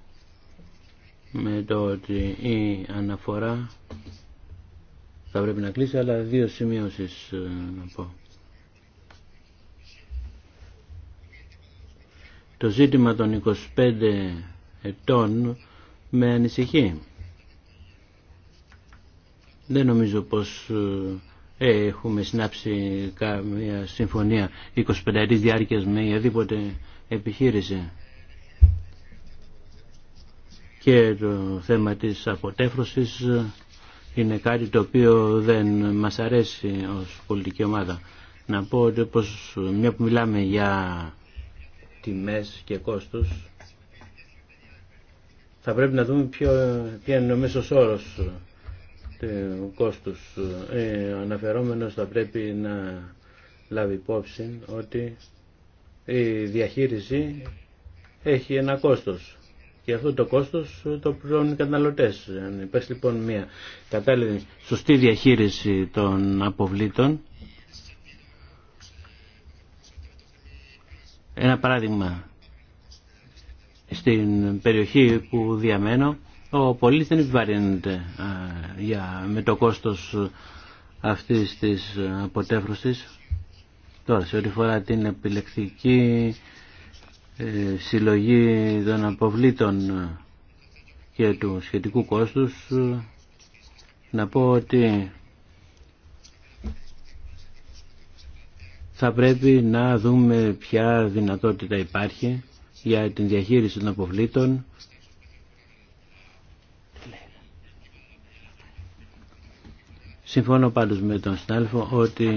Speaker 1: με το ότι η αναφορά θα πρέπει να κλείσει, αλλά δύο σημείωσεις ε, να πω. Το ζήτημα των 25 ετών με ανησυχεί. Δεν νομίζω πως ε, ε, έχουμε συνάψει καμία συμφωνία 25 ετής διάρκειας με οποιαδήποτε επιχείρηση. Και το θέμα της αποτέφρωσης είναι κάτι το οποίο δεν μας αρέσει ως πολιτική ομάδα. Να πω ότι μια που μιλάμε για τιμές και κόστος θα πρέπει να δούμε ποιο, ποιο είναι ο μέσος όρος ο κόστος ε, αναφερόμενος θα πρέπει να λάβει υπόψη ότι η διαχείριση έχει ένα κόστος και αυτό το κόστος το πληρώνουν οι καταναλωτές. Αν υπάρχει λοιπόν μια κατάλληλη σωστή διαχείριση των αποβλήτων, ένα παράδειγμα στην περιοχή που διαμένω ο πολίτης δεν επιβαρύνεται για, με το κόστος αυτής της αποτέφρωσης. Τώρα, σε ό,τι φορά την επιλεκτική ε, συλλογή των αποβλήτων και του σχετικού κόστους, να πω ότι θα πρέπει να δούμε ποια δυνατότητα υπάρχει για την διαχείριση των αποβλήτων Συμφωνώ πάντως με τον Στάλφο ότι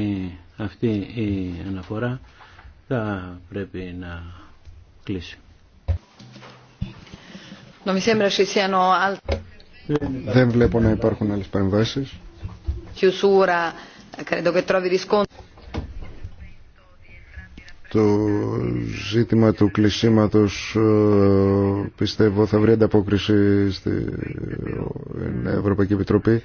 Speaker 1: αυτή η αναφορά θα πρέπει να κλείσει.
Speaker 2: Δεν βλέπω να υπάρχουν άλλες παρεμβάσεις. Το ζήτημα του κλεισίματος ε, πιστεύω θα βρει ανταπόκριση στην ε, Ευρωπαϊκή Επιτροπή.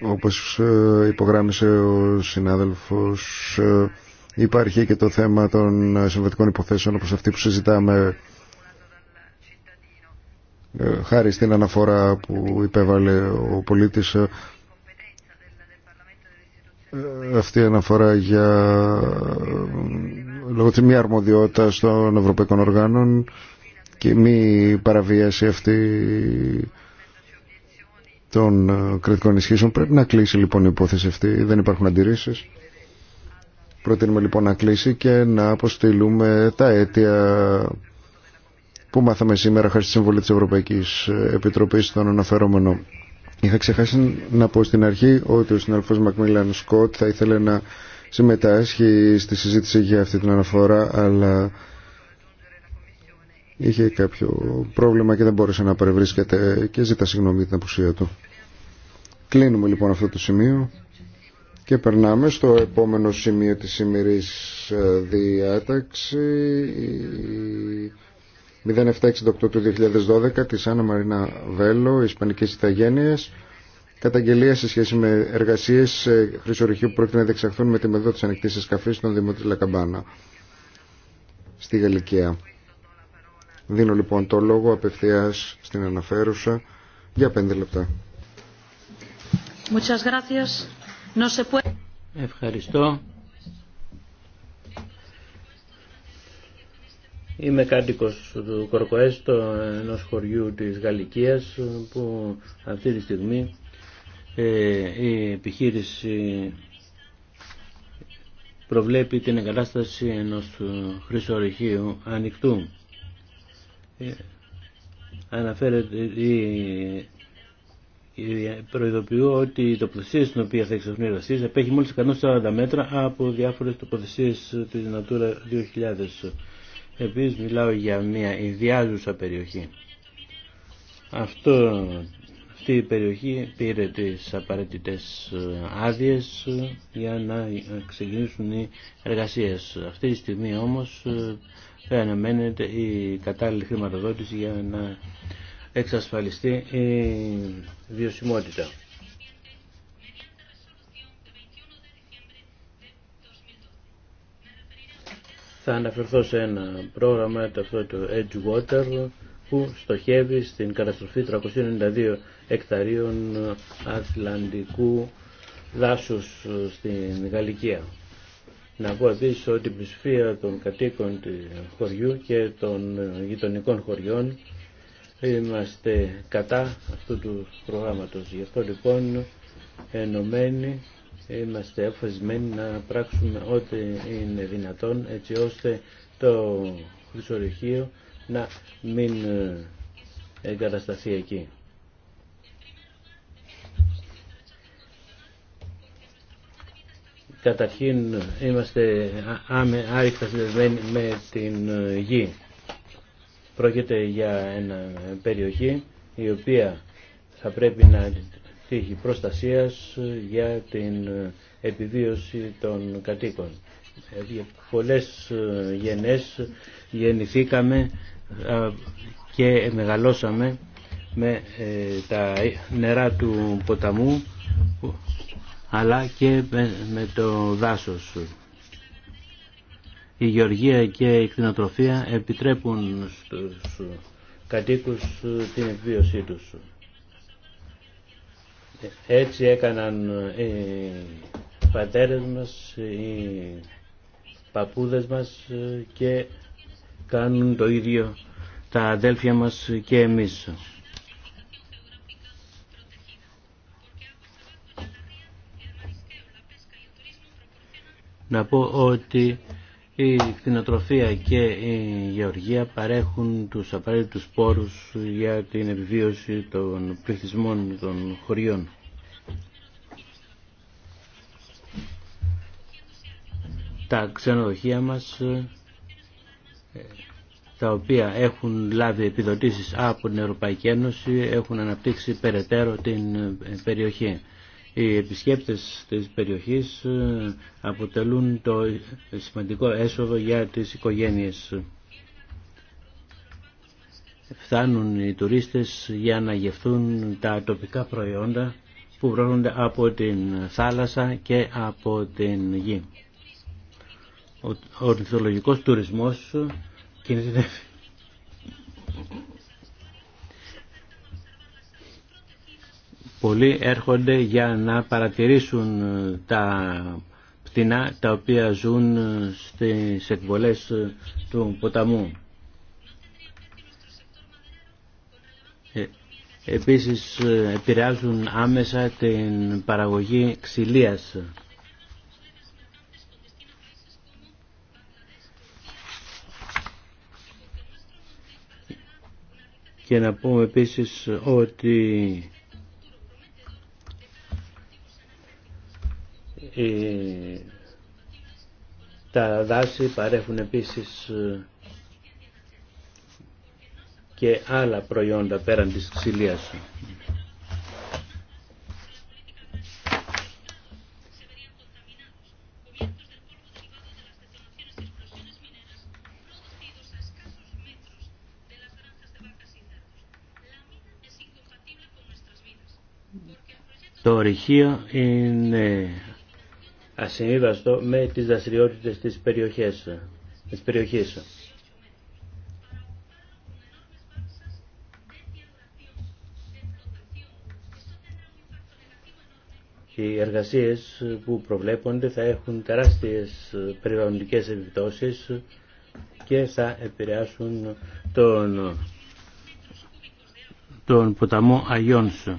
Speaker 2: Όπως ε, υπογράμμισε ο συνάδελφος, ε, υπάρχει και το θέμα των ε, συμβατικών υποθέσεων όπως αυτή που συζητάμε χάρη στην αναφορά που υπέβαλε ο πολίτης αυτή η αναφορά για λόγω της μη αρμοδιότητας των ευρωπαϊκών οργάνων και μη παραβίαση αυτή των ε, κρατικών ενισχύσεων. Πρέπει να κλείσει λοιπόν η υπόθεση αυτή. Δεν υπάρχουν αντιρρήσει. Προτείνουμε λοιπόν να κλείσει και να αποστείλουμε τα αίτια που μάθαμε σήμερα χάρη στη Συμβολή τη Ευρωπαϊκή Επιτροπή στον αναφερόμενο. Είχα ξεχάσει να πω στην αρχή ότι ο συναδελφό Μακμίλαν Σκότ θα ήθελε να συμμετάσχει στη συζήτηση για αυτή την αναφορά, αλλά είχε κάποιο πρόβλημα και δεν μπόρεσε να παρευρίσκεται και ζητά συγγνώμη την απουσία του. Κλείνουμε λοιπόν αυτό το σημείο και περνάμε στο επόμενο σημείο της σημερινής ε, διάταξη 0768 του 2012 της Άννα Μαρίνα Βέλο, Ισπανικής Ιθαγένειας καταγγελία σε σχέση με εργασίες ε, χρυσορυχείου που πρόκειται να διεξαχθούν με τη μεδό της ανοιχτής εσκαφής στον Δήμο της Λακαμπάνα στη Γαλλικία. Δίνω λοιπόν το λόγο απευθείας στην αναφέρουσα για πέντε λεπτά. Ευχαριστώ.
Speaker 1: Είμαι κάτοικος του Κορκοέστο, ενός χωριού της Γαλλικίας, που αυτή τη στιγμή ε, η επιχείρηση προβλέπει την εγκατάσταση ενός χρυσορυχείου ανοιχτού. Ε, αναφέρεται η προειδοποιώ ότι η τοποθεσία στην οποία θα εξεχνιαστείς απέχει μόλις 140 μέτρα από διάφορες τοποθεσίες της Natura 2000. Επίσης μιλάω για μια ιδιάζουσα περιοχή. Αυτό, αυτή η περιοχή πήρε τις απαραίτητες ε, άδειες ε, για να ξεκινήσουν οι εργασίες. Αυτή τη στιγμή όμως ε, δεν αναμένεται η κατάλληλη χρηματοδότηση για να εξασφαλιστεί η βιωσιμότητα. Θα αναφερθώ σε ένα πρόγραμμα, το αυτό το Edgewater, που στοχεύει στην καταστροφή 392 εκταρίων ατλαντικού δάσους στην Γαλλικία. Να πω επίση ότι η πλησφία των κατοίκων του χωριού και των γειτονικών χωριών Είμαστε κατά αυτού του προγράμματος. Γι' αυτό λοιπόν ενωμένοι είμαστε αποφασισμένοι να πράξουμε ό,τι είναι δυνατόν έτσι ώστε το χρυσορυχείο να μην εγκατασταθεί εκεί. Καταρχήν είμαστε άρρηκτα συνδεδεμένοι με την γη. Πρόκειται για ένα περιοχή η οποία θα πρέπει να τύχει προστασίας για την επιβίωση των κατοίκων. Ε, πολλές ε, γενές γεννηθήκαμε ε, και μεγαλώσαμε με τα νερά του ποταμού αλλά και με το δάσος η γεωργία και η κτηνοτροφία επιτρέπουν στους κατοίκους την επιβίωσή τους. Έτσι έκαναν οι πατέρες μας, οι παππούδες μας και κάνουν το ίδιο τα αδέλφια μας και εμείς. Να πω ότι η κτηνοτροφία και η γεωργία παρέχουν τους απαραίτητους πόρους για την επιβίωση των πληθυσμών των χωριών. Τα ξενοδοχεία μας, τα οποία έχουν λάβει επιδοτήσεις από την Ευρωπαϊκή Ένωση, έχουν αναπτύξει περαιτέρω την περιοχή. Οι επισκέπτες της περιοχής ε, αποτελούν το σημαντικό έσοδο για τις οικογένειες. Φτάνουν οι τουρίστες για να γευθούν τα τοπικά προϊόντα που βρώνονται από την θάλασσα και από την γη. Ο ορνηθολογικός τουρισμός κινηθεί. πολλοί έρχονται για να παρατηρήσουν ε, τα πτηνά τα οποία ζουν ε, στις εκβολές ε, του ποταμού. Επίσης επηρεάζουν άμεσα την παραγωγή ξυλίας. Και να πούμε επίσης ότι τα δάση παρέχουν επίσης ε, και άλλα προϊόντα πέραν της ξυλίας. Το ορυχείο είναι ασυμβίβαστο με τις δραστηριότητες της περιοχής. Της περιοχής. οι εργασίες που προβλέπονται θα έχουν τεράστιες περιβαλλοντικές επιπτώσεις και θα επηρεάσουν τον, τον ποταμό Αγιόνσο.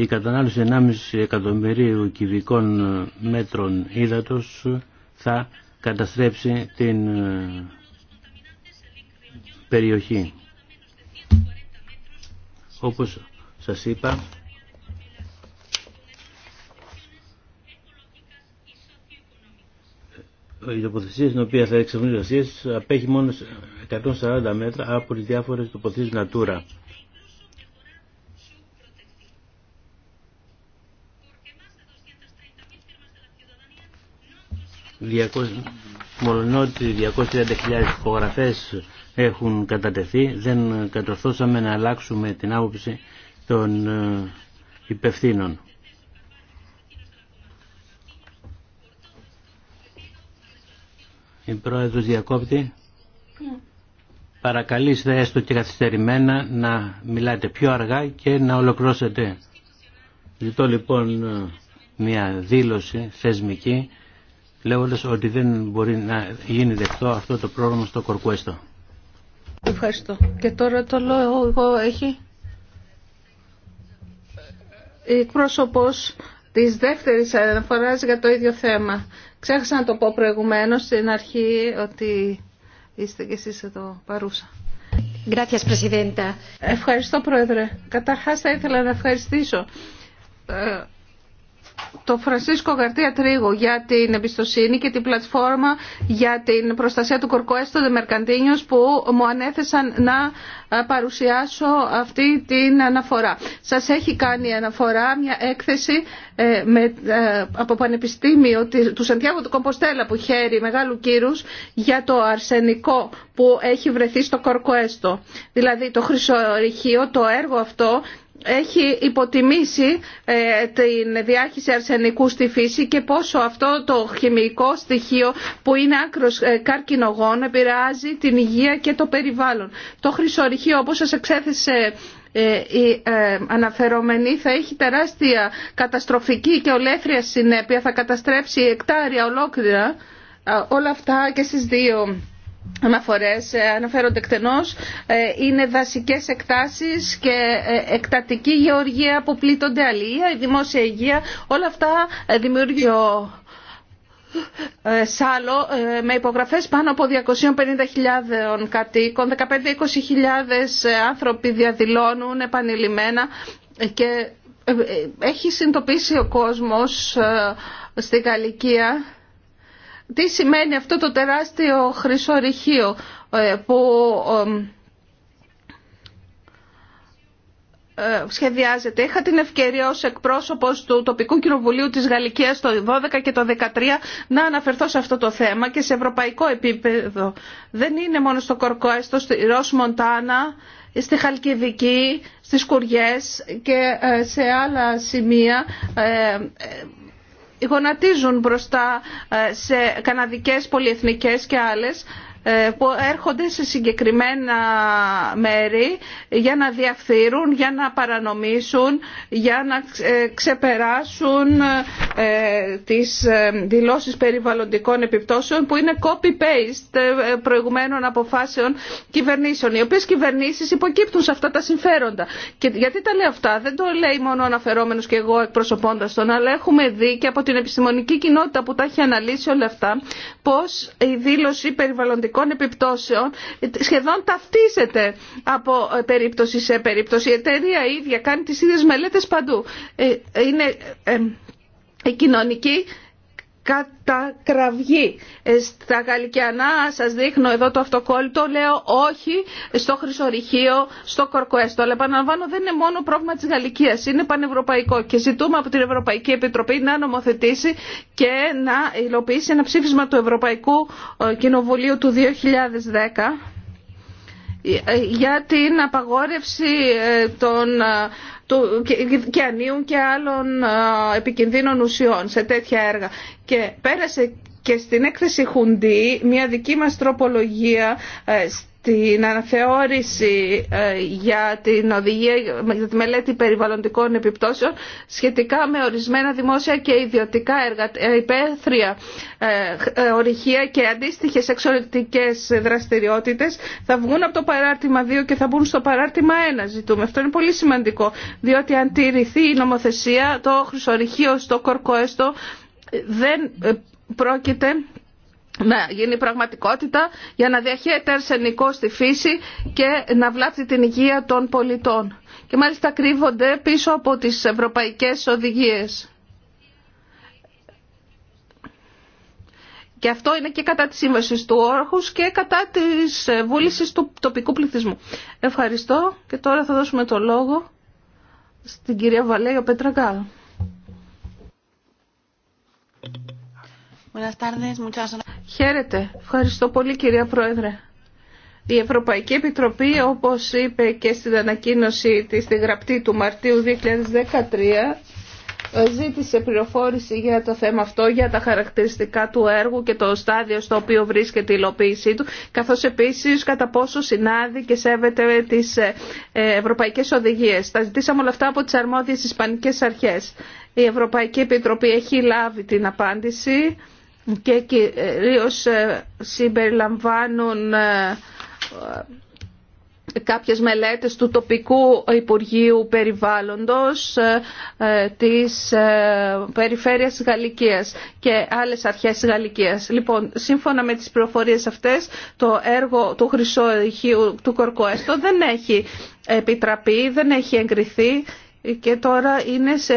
Speaker 1: Η κατανάλωση 1,5 εκατομμυρίου κυβικών ε, μέτρων ύδατος θα καταστρέψει την ε, περιοχή. Όπως σας είπα, η τοποθεσία στην οποία θα εξευνούν απέχει μόνο 140 μέτρα από τις διάφορες τοποθεσίες Natura. μόνο ότι 230.000 υπογραφές έχουν κατατεθεί, δεν κατορθώσαμε να αλλάξουμε την άποψη των ε, υπευθύνων. Η πρόεδρος διακόπτη. Παρακαλείστε έστω και καθυστερημένα να μιλάτε πιο αργά και να ολοκληρώσετε. Ζητώ λοιπόν ε, μια δήλωση θεσμική λέγοντας ότι δεν μπορεί να γίνει δεκτό αυτό το πρόγραμμα στο Κορκουέστο.
Speaker 3: Ευχαριστώ. Και τώρα το λόγο έχει η εκπρόσωπος της δεύτερης αναφοράς για το ίδιο θέμα. Ξέχασα να το πω προηγουμένως στην αρχή ότι είστε κι εσείς εδώ παρούσα. Ευχαριστώ Πρόεδρε. Καταρχάς θα ήθελα να ευχαριστήσω ε, το Φρανσίσκο Γαρτία Τρίγο για την εμπιστοσύνη και την πλατφόρμα για την προστασία του Κορκοέστο δε Δεμερκαντίνιος που μου ανέθεσαν να ε, παρουσιάσω αυτή την αναφορά. Σας έχει κάνει αναφορά μια έκθεση ε, με, ε, από πανεπιστήμιο του Σαντιάγου του Κομποστέλα που χαίρει μεγάλου κύρους για το αρσενικό που έχει βρεθεί στο Κορκοέστο. Δηλαδή το χρυσορυχείο, το έργο αυτό έχει υποτιμήσει ε, την διάχυση αρσενικού στη φύση και πόσο αυτό το χημικό στοιχείο που είναι άκρος ε, καρκινογόνο επηρεάζει την υγεία και το περιβάλλον. Το χρυσορυχείο όπως σας εξέθεσε ε, η αναφερόμενη θα έχει τεράστια καταστροφική και ολέθρια συνέπεια, θα καταστρέψει εκτάρια ολόκληρα όλα αυτά και στις δύο αναφορές ε, αναφέρονται εκτενώς ε, είναι δασικές εκτάσεις και ε, εκτατική γεωργία που πλήττονται αλληλεία, η δημόσια υγεία όλα αυτά ο Σάλο με υπογραφές πάνω από 250.000 κατοίκων 15-20.000 άνθρωποι διαδηλώνουν επανειλημμένα και έχει συνειδητοποιήσει ο κόσμος στη Γαλλικία τι σημαίνει αυτό το τεράστιο χρυσό ρηχείο ε, που ε, σχεδιάζεται. Είχα την ευκαιρία ως εκπρόσωπος του τοπικού κοινοβουλίου της Γαλλικίας το 12 και το 13 να αναφερθώ σε αυτό το θέμα και σε ευρωπαϊκό επίπεδο. Δεν είναι μόνο στο Κορκόεστο, στη Ρος Μοντάνα, στη Χαλκιδική, στις Κουριές και ε, σε άλλα σημεία γονατίζουν μπροστά ε, σε καναδικές πολυεθνικές και άλλες ε, που έρχονται σε συγκεκριμένα μέρη για να διαφθείρουν, για να παρανομήσουν, για να ξεπεράσουν ε, τις ε, δηλώσεις περιβαλλοντικών επιπτώσεων που είναι copy-paste προηγουμένων αποφάσεων κυβερνήσεων, οι οποίες κυβερνήσεις υποκύπτουν σε αυτά τα συμφέροντα. Και γιατί τα λέω αυτά, δεν το λέει μόνο αναφερόμενος και εγώ εκπροσωπώντας τον, αλλά έχουμε δει και από την επιστημονική κοινότητα που τα έχει αναλύσει όλα αυτά, πώς η δήλωση περιβαλλοντικών αρνητικών επιπτώσεων σχεδόν ταυτίζεται από ε, περίπτωση σε περίπτωση. Η εταιρεία ίδια κάνει τις ίδιες μελέτες παντού. Ε, ε, είναι η κοινωνική κατακραυγή. Ε, στα γαλλικιανά σας δείχνω εδώ το αυτοκόλλητο, λέω όχι στο χρυσορυχείο, στο κορκοέστο. Αλλά επαναλαμβάνω δεν είναι μόνο πρόβλημα της Γαλλικίας, είναι πανευρωπαϊκό και ζητούμε από την Ευρωπαϊκή Επιτροπή να νομοθετήσει και να υλοποιήσει ένα ψήφισμα του Ευρωπαϊκού ε, Κοινοβουλίου του 2010 για την απαγόρευση ε, των, ε, και ανίων και άλλων ε, επικινδύνων ουσιών σε τέτοια έργα. Και πέρασε και στην έκθεση Χουντή μια δική μας τροπολογία την αναθεώρηση ε, για την οδηγία για τη μελέτη περιβαλλοντικών επιπτώσεων σχετικά με ορισμένα δημόσια και ιδιωτικά έργα, ε, υπαίθρια ε, ορυχεία και αντίστοιχες εξωτερικές δραστηριότητες θα βγουν από το παράρτημα 2 και θα μπουν στο παράρτημα 1 ζητούμε. Αυτό είναι πολύ σημαντικό διότι αν τηρηθεί η νομοθεσία το χρυσορυχείο στο Κορκοέστο δεν πρόκειται να γίνει πραγματικότητα για να διαχέεται αρσενικό στη φύση και να βλάψει την υγεία των πολιτών. Και μάλιστα κρύβονται πίσω από τις ευρωπαϊκές οδηγίες. Και αυτό είναι και κατά τη σύμβαση του όρχους και κατά τη ε, βούληση του τοπικού πληθυσμού. Ευχαριστώ και τώρα θα δώσουμε το λόγο στην κυρία Βαλέιο Πέτραγκάλ. Χαίρετε. Ευχαριστώ πολύ κυρία Πρόεδρε. Η Ευρωπαϊκή Επιτροπή, όπως είπε και στην ανακοίνωση της στη γραπτή του Μαρτίου 2013, ζήτησε πληροφόρηση για το θέμα αυτό, για τα χαρακτηριστικά του έργου και το στάδιο στο οποίο βρίσκεται η υλοποίησή του, καθώς επίσης κατά πόσο συνάδει και σέβεται τις ε, ευρωπαϊκές οδηγίες. Τα ζητήσαμε όλα αυτά από τις αρμόδιες ισπανικές αρχές. Η Ευρωπαϊκή Επιτροπή έχει λάβει την απάντηση και κυρίως ε, συμπεριλαμβάνουν ε, κάποιες μελέτες του τοπικού Υπουργείου Περιβάλλοντος ε, της Περιφέρειας Γαλλικίας και άλλες αρχές Γαλλικίας. Λοιπόν, σύμφωνα με τις προφορίες αυτές, το έργο του Χρυσού του Κορκοέστο δεν έχει επιτραπεί, δεν έχει εγκριθεί και τώρα είναι σε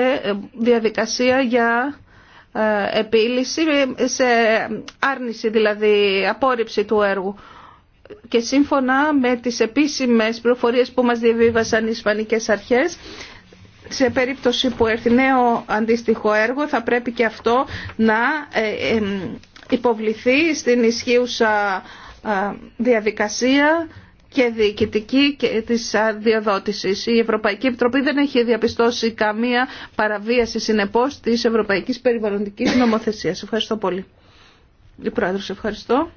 Speaker 3: διαδικασία για ε, επίλυση, σε άρνηση δηλαδή, απόρριψη του έργου. Και σύμφωνα με τις επίσημες πληροφορίες που μας διαβίβασαν οι Ισπανικές αρχές, σε περίπτωση που έρθει νέο αντίστοιχο έργο θα πρέπει και αυτό να ε, ε, υποβληθεί στην ισχύουσα διαδικασία και διοικητική και της αδειοδότησης. Η Ευρωπαϊκή Επιτροπή δεν έχει διαπιστώσει καμία παραβίαση συνεπώς της Ευρωπαϊκής Περιβαλλοντικής Νομοθεσίας. Ευχαριστώ πολύ. Η Πρόεδρος, ευχαριστώ.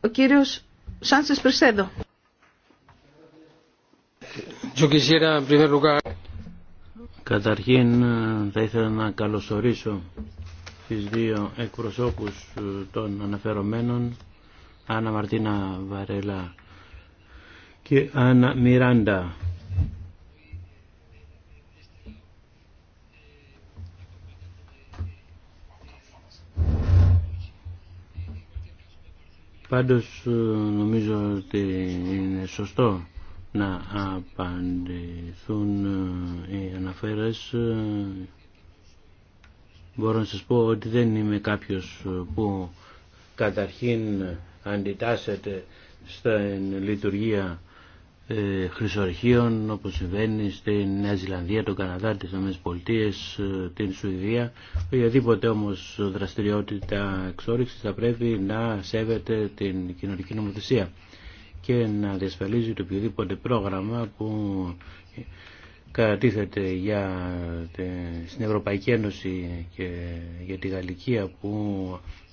Speaker 3: Ο κύριος Σάνσες Πρισέντο.
Speaker 1: Καταρχήν θα ήθελα να καλωσορίσω τις δύο εκπροσώπους ε, των αναφερομένων Άννα Μαρτίνα Βαρέλα και Άννα Μιράντα. Πάντως νομίζω ότι είναι σωστό να απαντηθούν ε, οι αναφέρες. Ε, μπορώ να σας πω ότι δεν είμαι κάποιος που καταρχήν αντιτάσσεται στην λειτουργία ε, χρυσορχείων όπως συμβαίνει στην Νέα Ζηλανδία, τον Καναδά, τις ΗΠΑ, ε, την Σουηδία. Οποιαδήποτε όμως δραστηριότητα εξόριξης θα πρέπει να σέβεται την κοινωνική νομοθεσία και να διασφαλίζει το οποιοδήποτε πρόγραμμα που κατατίθεται για στην Ευρωπαϊκή Ένωση και για τη Γαλλικία που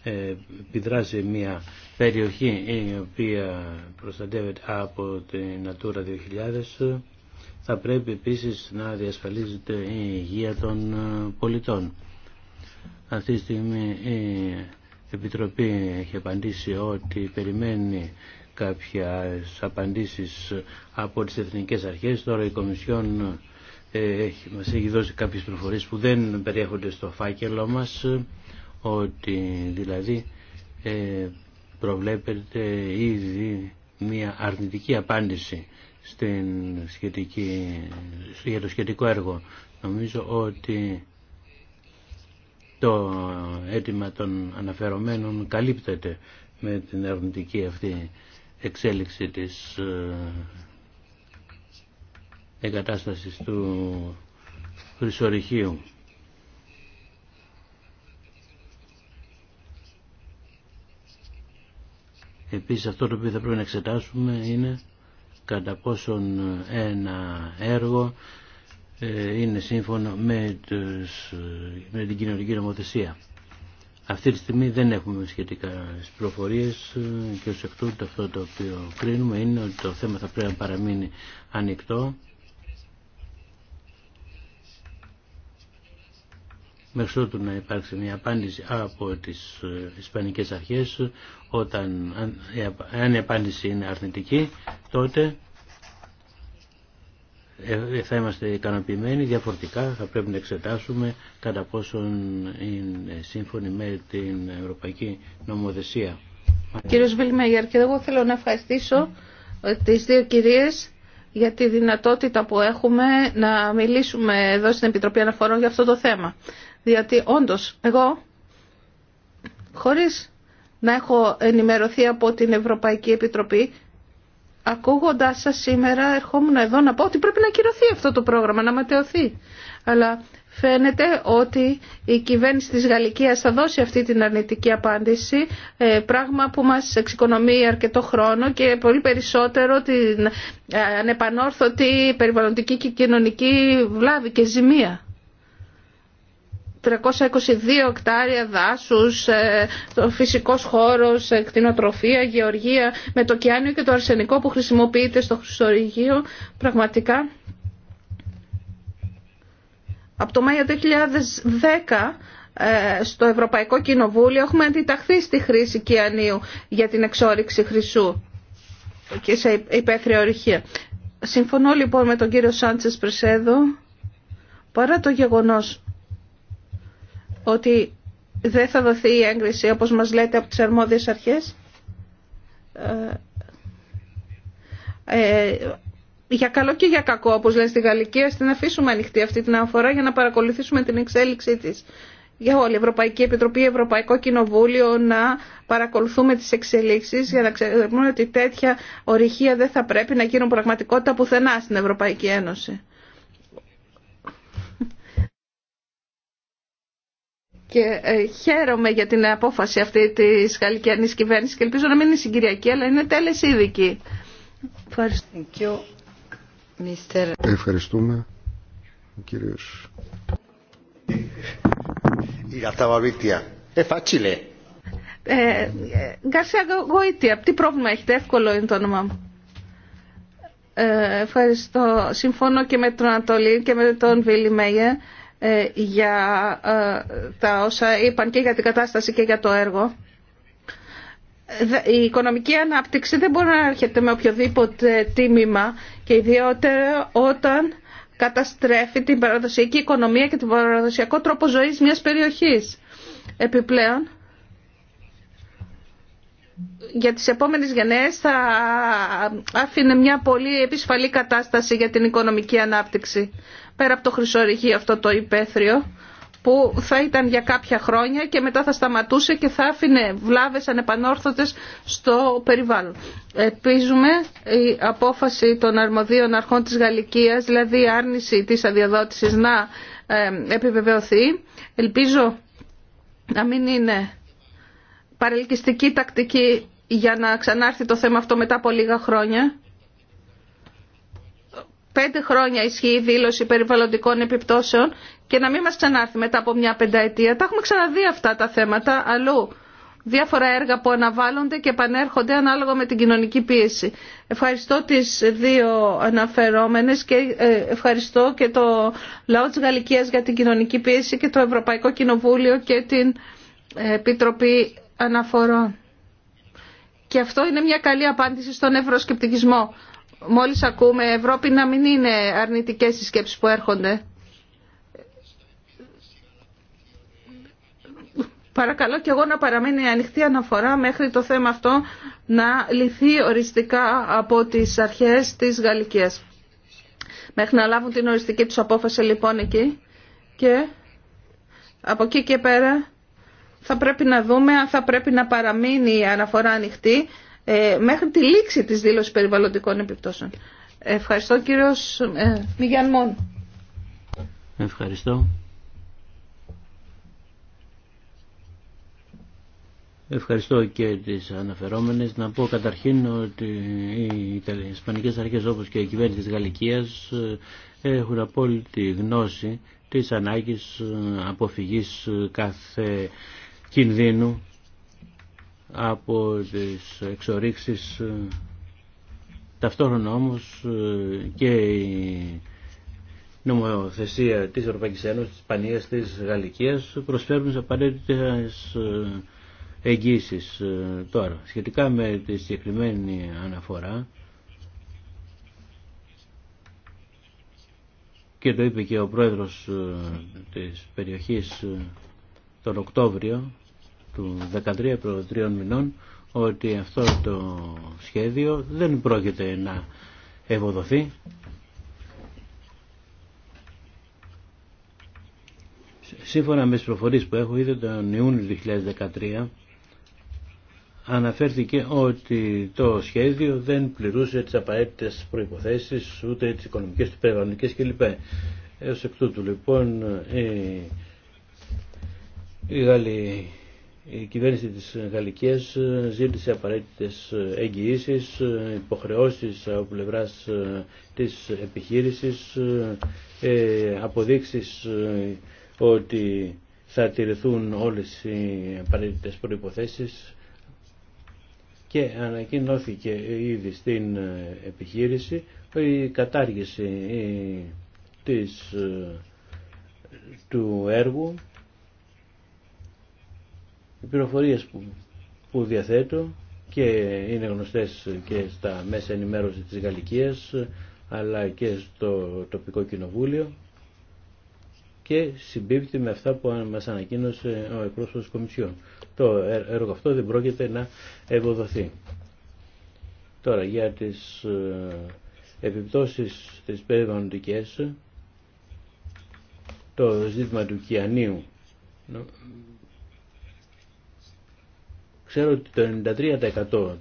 Speaker 1: ε, επιδράζει μια περιοχή η οποία προστατεύεται από την Natura 2000 θα πρέπει επίσης να διασφαλίζεται η υγεία των ε, πολιτών. Αυτή τη στιγμή η Επιτροπή έχει απαντήσει ότι περιμένει κάποιες απαντήσεις από τις εθνικές αρχές. Τώρα η Κομισιόν ε, έχει, μας έχει δώσει κάποιες προφορές που δεν περιέχονται στο φάκελο μας, ότι δηλαδή ε, προβλέπεται ήδη μια αρνητική απάντηση στην σχετική, για το σχετικό έργο. Νομίζω ότι το αίτημα των αναφερομένων καλύπτεται με την αρνητική αυτή εξέλιξη της ε, εγκατάστασης του χρυσορυχείου. Επίσης αυτό το οποίο θα πρέπει να εξετάσουμε είναι κατά πόσον ένα έργο ε, είναι σύμφωνο με, με την κοινωνική νομοθεσία. Αυτή τη στιγμή δεν έχουμε σχετικά προφορίες ε, και ως εκ τούτου αυτό το οποίο κρίνουμε είναι ότι το θέμα θα πρέπει να παραμείνει ανοιχτό μέχρι ότου να υπάρξει μια απάντηση από τις ε, Ισπανικές αρχές όταν αν η απάντηση είναι αρνητική τότε ε, ε, θα είμαστε ικανοποιημένοι διαφορετικά θα πρέπει να εξετάσουμε κατά πόσον είναι σύμφωνοι με την Ευρωπαϊκή Νομοθεσία. Κύριος
Speaker 3: Βιλμέγερ και εγώ θέλω να ευχαριστήσω τις δύο κυρίες για τη δυνατότητα που έχουμε να μιλήσουμε εδώ στην Επιτροπή Αναφορών για αυτό το θέμα διότι όντως εγώ χωρίς να έχω ενημερωθεί από την Ευρωπαϊκή Επιτροπή ακούγοντάς σας σήμερα ερχόμουν εδώ να πω ότι πρέπει να ακυρωθεί αυτό το πρόγραμμα, να ματαιωθεί. Αλλά φαίνεται ότι η κυβέρνηση της Γαλλικίας θα δώσει αυτή την αρνητική απάντηση, ε, πράγμα που μας εξοικονομεί αρκετό χρόνο και πολύ περισσότερο την ε, ανεπανόρθωτη περιβαλλοντική και κοινωνική βλάβη και ζημία. 322 εκτάρια δάσους, ε, φυσικός χώρος, ε, κτηνοτροφία, γεωργία, με το κιάνιο και το αρσενικό που χρησιμοποιείται στο χρυσορυγείο. Πραγματικά, από το Μάιο 2010 ε, στο Ευρωπαϊκό Κοινοβούλιο έχουμε αντιταχθεί στη χρήση κιανίου για την εξόριξη χρυσού και σε υπαίθρια ορυχία. Συμφωνώ λοιπόν με τον κύριο Σάντσες Πρεσέδο παρά το γεγονός ότι δεν θα δοθεί η έγκριση όπως μας λέτε από τις αρμόδιες αρχές ε, ε, για καλό και για κακό όπως λένε στη Γαλλική ας την αφήσουμε ανοιχτή αυτή την αφορά για να παρακολουθήσουμε την εξέλιξή της για όλη η Ευρωπαϊκή Επιτροπή, Ευρωπαϊκό Κοινοβούλιο να παρακολουθούμε τις εξελίξεις για να ξέρουμε ότι τέτοια ορυχεία δεν θα πρέπει να γίνουν πραγματικότητα πουθενά στην Ευρωπαϊκή Ένωση. Και ε, χαίρομαι για την απόφαση αυτή τη γαλλικιανής κυβέρνησης και ελπίζω να μην είναι συγκυριακή, αλλά είναι τέλεση ειδική. Ευχαριστώ.
Speaker 2: Ευχαριστούμε. Κύριος.
Speaker 3: Ε, ε, ε Γκαρσία Γοήτια, τι πρόβλημα έχετε, εύκολο είναι το όνομά μου. ευχαριστώ. Συμφωνώ και με τον Ανατολή και με τον Βίλι Μέγε. Ε, για ε, τα όσα είπαν και για την κατάσταση και για το έργο. Η οικονομική ανάπτυξη δεν μπορεί να έρχεται με οποιοδήποτε τίμημα και ιδιαίτερα όταν καταστρέφει την παραδοσιακή οικονομία και τον παραδοσιακό τρόπο ζωής μιας περιοχής. Επιπλέον, για τις επόμενες γενναίες θα άφηνε μια πολύ επισφαλή κατάσταση για την οικονομική ανάπτυξη. Πέρα από το χρυσορυχείο αυτό το υπαίθριο που θα ήταν για κάποια χρόνια και μετά θα σταματούσε και θα άφηνε βλάβες ανεπανόρθωτες στο περιβάλλον. Επίζουμε η απόφαση των αρμοδίων αρχών της Γαλλικίας, δηλαδή η άρνηση της αδειοδότησης να ε, επιβεβαιωθεί. Ελπίζω να μην είναι παρελκυστική τακτική για να ξανάρθει το θέμα αυτό μετά από λίγα χρόνια. Πέντε χρόνια ισχύει η δήλωση περιβαλλοντικών επιπτώσεων και να μην μας ξανάρθει μετά από μια πενταετία. Τα έχουμε ξαναδεί αυτά τα θέματα αλλού. Διάφορα έργα που αναβάλλονται και επανέρχονται ανάλογα με την κοινωνική πίεση. Ευχαριστώ τις δύο αναφερόμενες και ε, ευχαριστώ και το λαό της Γαλλικίας για την κοινωνική πίεση και το Ευρωπαϊκό Κοινοβούλιο και την ε, Επιτροπή αναφορών. Και αυτό είναι μια καλή απάντηση στον ευρωσκεπτικισμό. Μόλις ακούμε Ευρώπη να μην είναι αρνητικές οι σκέψεις που έρχονται. Παρακαλώ και εγώ να παραμείνει ανοιχτή αναφορά μέχρι το θέμα αυτό να λυθεί οριστικά από τις αρχές της Γαλλικίας. Μέχρι να λάβουν την οριστική τους απόφαση λοιπόν εκεί και από εκεί και πέρα θα πρέπει να δούμε αν θα πρέπει να παραμείνει η αναφορά ανοιχτή ε, μέχρι τη λήξη της δήλωσης περιβαλλοντικών επιπτώσεων. Ευχαριστώ κύριος ε,
Speaker 1: Ευχαριστώ. Ευχαριστώ και τις αναφερόμενες. Να πω καταρχήν ότι οι Ισπανικές αρχές όπως και η κυβέρνηση της Γαλλικίας ε, έχουν απόλυτη γνώση της ανάγκης ε, αποφυγής κάθε κινδύνου από τις εξορίξεις ε, ταυτόχρονα όμως ε, και η νομοθεσία της Ευρωπαϊκής Ένωσης, της Ισπανίας, της Γαλλικίας προσφέρουν σε απαραίτητες ε, εγγύσεις τώρα. Σχετικά με τη συγκεκριμένη αναφορά και το είπε και ο πρόεδρος της περιοχής τον Οκτώβριο του 13 προ 3 μηνών ότι αυτό το σχέδιο δεν πρόκειται να ευοδοθεί. Σύμφωνα με τις προφορίες που έχω ήδη τον Ιούνιο 2013 αναφέρθηκε ότι το σχέδιο δεν πληρούσε τις απαραίτητες προϋποθέσεις ούτε τις οικονομικές, τις περιβαλλοντικές κλπ. Έως εκ τούτου λοιπόν η, Γαλλή, η κυβέρνηση της Γαλλικής ε, ζήτησε απαραίτητες ε, εγγυήσεις, ε, υποχρεώσεις από πλευράς της επιχείρησης, αποδείξεις ότι θα τηρηθούν όλες οι απαραίτητες προϋποθέσεις και ανακοινώθηκε ήδη στην επιχείρηση η κατάργηση της, του έργου οι πληροφορίες που, που διαθέτω και είναι γνωστές και στα μέσα ενημέρωση της Γαλλικίας αλλά και στο τοπικό κοινοβούλιο και συμπίπτει με αυτά που μας ανακοίνωσε ο εκπρόσωπος της Κομισιόν. Το ε, έργο αυτό δεν πρόκειται να ευοδοθεί. Τώρα για τις ε, επιπτώσεις της περιβαλλοντικής το ζήτημα του κιανίου Ξέρω ότι το 93% των,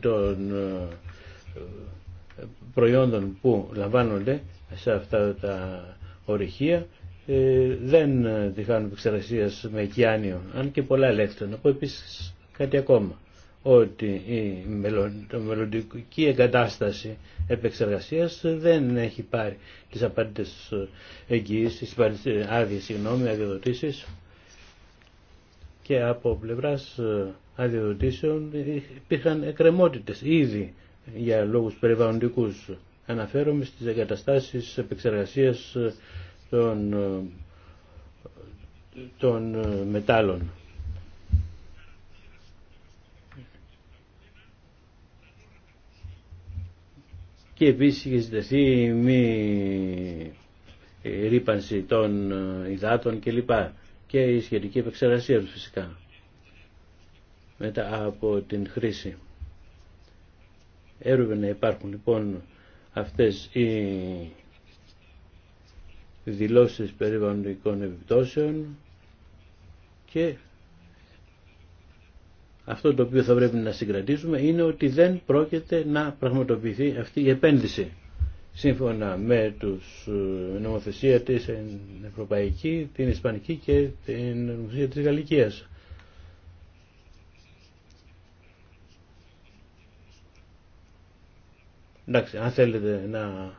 Speaker 1: των ε, προϊόντων που λαμβάνονται σε αυτά τα ορυχεία ε, δεν τη επεξεργασία με οικιάνιο, αν και πολλά ελέγχθηκαν. Να πω επίση κάτι ακόμα. Ότι η μελλοντική εγκατάσταση επεξεργασία δεν έχει πάρει τι απαραίτητε εγγυήσει, άδειε, συγγνώμη, αδειοδοτήσει και από πλευράς ε, αδειοδοτήσεων υπήρχαν εκκρεμότητες ήδη για λόγους περιβαλλοντικούς. Αναφέρομαι στις εγκαταστάσεις επεξεργασίας ε, των, ε, των μετάλλων. Και επίσης είχε ζητηθεί μη ρήπανση των υδάτων κλπ και η σχετική επεξεργασία του φυσικά μετά από την χρήση. Έρευνα να υπάρχουν λοιπόν αυτές οι δηλώσεις περιβαλλοντικών επιπτώσεων και αυτό το οποίο θα πρέπει να συγκρατήσουμε είναι ότι δεν πρόκειται να πραγματοποιηθεί αυτή η επένδυση σύμφωνα με τους ε, νομοθεσία της Ευρωπαϊκή, την Ισπανική και την νομοθεσία της Γαλλικίας. Εντάξει, αν θέλετε να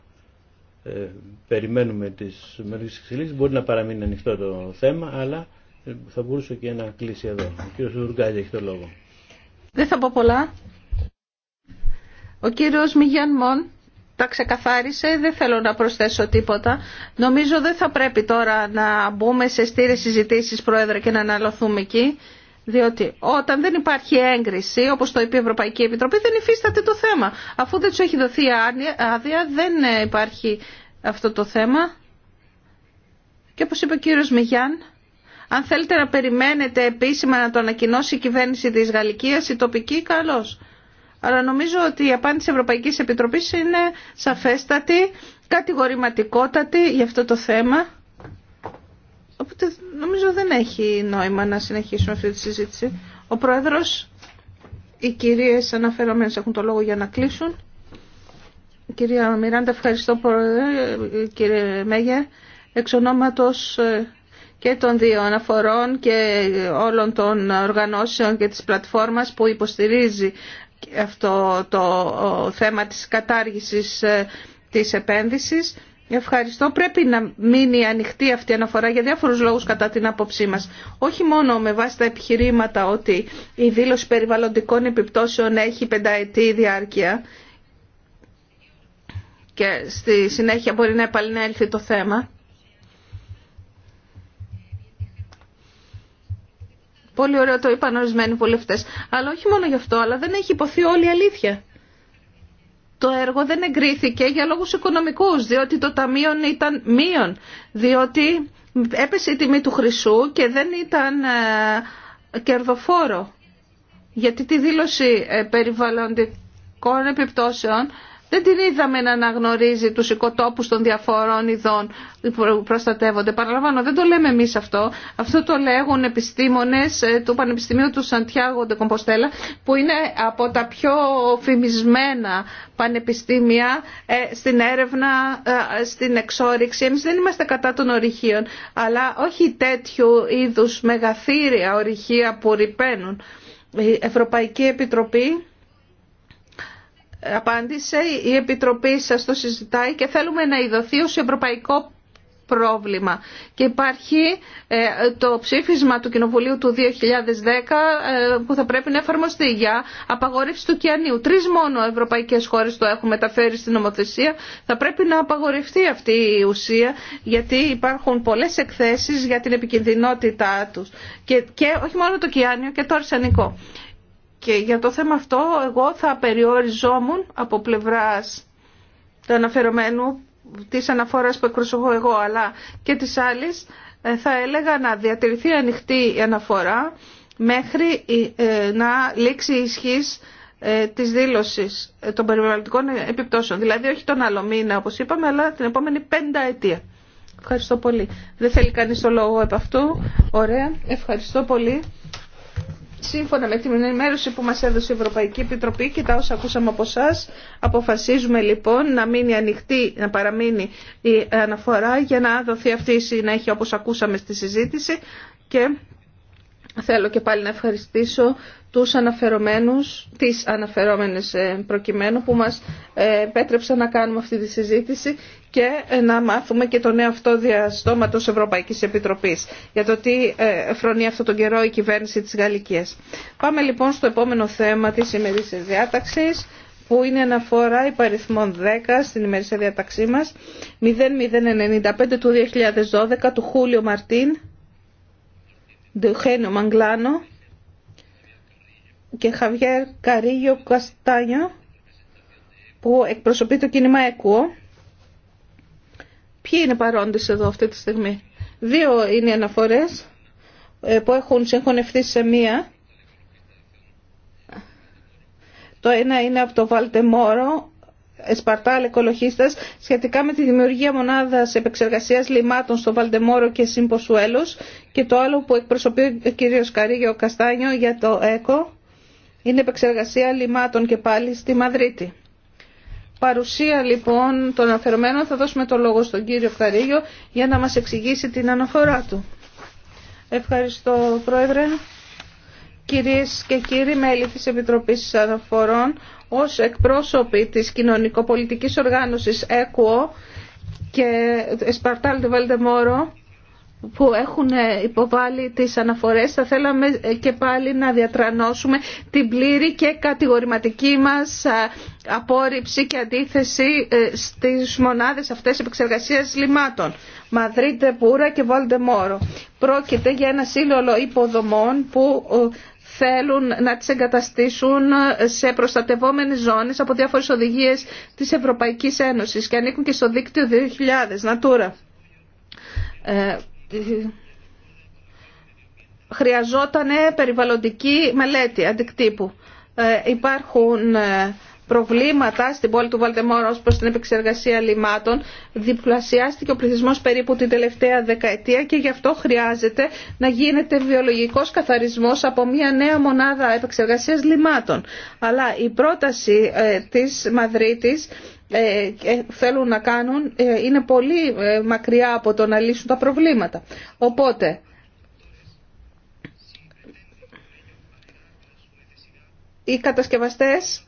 Speaker 1: ε, περιμένουμε τις μερικές εξελίξεις, μπορεί να παραμείνει ανοιχτό το θέμα, αλλά ε, θα μπορούσε και να κλείσει εδώ. Ο κύριος Ζουργκάζη έχει το λόγο.
Speaker 3: Δεν θα πω πολλά. Ο κύριος Μιγιάν Μον τα ξεκαθάρισε, δεν θέλω να προσθέσω τίποτα. Νομίζω δεν θα πρέπει τώρα να μπούμε σε στήρες συζητήσεις, Πρόεδρε, και να αναλωθούμε εκεί. Διότι όταν δεν υπάρχει έγκριση, όπως το είπε η Ευρωπαϊκή Επιτροπή, δεν υφίσταται το θέμα. Αφού δεν του έχει δοθεί άδεια, δεν υπάρχει αυτό το θέμα. Και όπως είπε ο κύριος Μιγιάν, αν θέλετε να περιμένετε επίσημα να το ανακοινώσει η κυβέρνηση της Γαλλικίας, η τοπική, καλώς. Αλλά νομίζω ότι η απάντηση Ευρωπαϊκής Επιτροπής είναι σαφέστατη, κατηγορηματικότατη για αυτό το θέμα. Οπότε νομίζω δεν έχει νόημα να συνεχίσουμε αυτή τη συζήτηση. Ο Πρόεδρος, οι κυρίες αναφερομένες έχουν το λόγο για να κλείσουν. Κυρία Μιράντα, ευχαριστώ πρόεδρε, κύριε Μέγε, εξ ε, και των δύο αναφορών και όλων των οργανώσεων και της πλατφόρμας που υποστηρίζει αυτό το θέμα της κατάργησης ε, της επένδυσης. Ευχαριστώ. Πρέπει να μείνει ανοιχτή αυτή η αναφορά για διάφορους λόγους κατά την άποψή μας. Όχι μόνο με βάση τα επιχειρήματα ότι η δήλωση περιβαλλοντικών επιπτώσεων έχει πενταετή διάρκεια και στη συνέχεια μπορεί να επανέλθει το θέμα. Πολύ ωραίο το είπαν ορισμένοι βουλευτέ. Αλλά όχι μόνο γι' αυτό, αλλά δεν έχει υποθεί όλη η αλήθεια. Το έργο δεν εγκρίθηκε για λόγους οικονομικούς, διότι το ταμείο ήταν μείον, διότι έπεσε η τιμή του χρυσού και δεν ήταν ε, κερδοφόρο. Γιατί τη δήλωση ε, περιβαλλοντικών επιπτώσεων δεν την είδαμε να αναγνωρίζει τους οικοτόπους των διαφορών ειδών που προστατεύονται. Παραλαμβάνω, δεν το λέμε εμείς αυτό. Αυτό το λέγουν επιστήμονες ε, του Πανεπιστημίου του Σαντιάγο Ντε Κομποστέλα, που είναι από τα πιο φημισμένα πανεπιστήμια ε, στην έρευνα, ε, στην εξόριξη. Εμείς δεν είμαστε κατά των ορυχείων, αλλά όχι τέτοιου είδους μεγαθύρια ορυχεία που ρηπαίνουν. Η Ευρωπαϊκή Επιτροπή απάντησε, η Επιτροπή σας το συζητάει και θέλουμε να ειδωθεί ως ευρωπαϊκό πρόβλημα. Και υπάρχει ε, το ψήφισμα του Κοινοβουλίου του 2010 ε, που θα πρέπει να εφαρμοστεί για απαγορεύση του κιανίου. Τρεις μόνο ευρωπαϊκές χώρες το έχουν μεταφέρει στην νομοθεσία. Θα πρέπει να απαγορευτεί αυτή η ουσία γιατί υπάρχουν πολλές εκθέσεις για την επικινδυνότητά τους. Και, και όχι μόνο το κιάνιο και το αρσενικό. Και για το θέμα αυτό εγώ θα περιοριζόμουν από πλευράς του αναφερομένου της αναφοράς που εκπροσωπώ εγώ αλλά και της άλλης ε, θα έλεγα να διατηρηθεί ανοιχτή η αναφορά μέχρι ε, ε, να λήξει η ισχύς της δήλωσης των περιβαλλοντικών επιπτώσεων. Δηλαδή όχι τον άλλο μήνα όπως είπαμε αλλά την επόμενη πέντα αιτία. Ευχαριστώ πολύ. Δεν θέλει κανείς το λόγο επ' αυτού. Ωραία. Ευχαριστώ πολύ σύμφωνα με την ενημέρωση που μας έδωσε η Ευρωπαϊκή Επιτροπή και τα όσα ακούσαμε από εσά, αποφασίζουμε λοιπόν να μείνει ανοιχτή, να παραμείνει η αναφορά για να δοθεί αυτή η συνέχεια όπως ακούσαμε στη συζήτηση και Θέλω και πάλι να ευχαριστήσω τους αναφερομένους, τις αναφερόμενες ε, προκειμένου που μας ε, επέτρεψαν να κάνουμε αυτή τη συζήτηση και ε, να μάθουμε και το νέο αυτό διαστόματος Ευρωπαϊκής Επιτροπής για το τι φρονεί αυτόν τον καιρό η κυβέρνηση της Γαλλικίας. Πάμε λοιπόν στο επόμενο θέμα της ημερήσιας διάταξης που είναι αναφορά υπαριθμών 10 στην ημερήσια διάταξή μας 0095 του 2012 του Χούλιο Μαρτίν Ντουχένο Μαγκλάνο και Χαβιέρ Καρίγιο Καστάνιο που εκπροσωπεί το κίνημα ΕΚΟ. Ποιοι είναι παρόντες εδώ αυτή τη στιγμή. Δύο είναι οι αναφορές ε, που έχουν συγχωνευτεί σε μία. Το ένα είναι από το Βαλτεμόρο Σπαρτάλ Εκολοχίστας σχετικά με τη δημιουργία μονάδας επεξεργασίας λιμάτων στο Βαλτεμόρο και Συμποσουέλος και το άλλο που εκπροσωπεί ο κ. Καρίγιο Καστάνιο για το ΕΚΟ είναι επεξεργασία λιμάτων και πάλι στη Μαδρίτη. Παρουσία λοιπόν των αφαιρωμένων θα δώσουμε το λόγο στον κύριο Καρίγιο για να μας εξηγήσει την αναφορά του. Ευχαριστώ Πρόεδρε. Κυρίες και κύριοι μέλη της Επιτροπής Αναφορών, ως εκπρόσωποι της κοινωνικοπολιτικής οργάνωσης ΕΚΟ και Σπαρτάλ Βαλτεμόρο, που έχουν υποβάλει τις αναφορές θα θέλαμε και πάλι να διατρανώσουμε την πλήρη και κατηγορηματική μας απόρριψη και αντίθεση ε, στις μονάδες αυτές επεξεργασίας λιμάτων Μαδρίτε, Πούρα και Βαλτεμόρο. Πρόκειται για ένα σύνολο υποδομών που ε, θέλουν να τις εγκαταστήσουν σε προστατευόμενες ζώνες από διάφορες οδηγίες της Ευρωπαϊκής Ένωσης και ανήκουν και στο δίκτυο 2000, Natura. Ε, χρειαζόταν περιβαλλοντική μελέτη αντικτύπου. Ε, υπάρχουν ε, προβλήματα στην πόλη του Βαλτεμόρα ως προς την επεξεργασία λιμάτων διπλασιάστηκε ο πληθυσμός περίπου την τελευταία δεκαετία και γι' αυτό χρειάζεται να γίνεται βιολογικός καθαρισμός από μια νέα μονάδα επεξεργασίας λιμάτων. Αλλά η πρόταση ε, της Μαδρίτης ε, ε, θέλουν να κάνουν είναι πολύ μακριά από το να λύσουν τα προβλήματα. Οπότε... Οι κατασκευαστές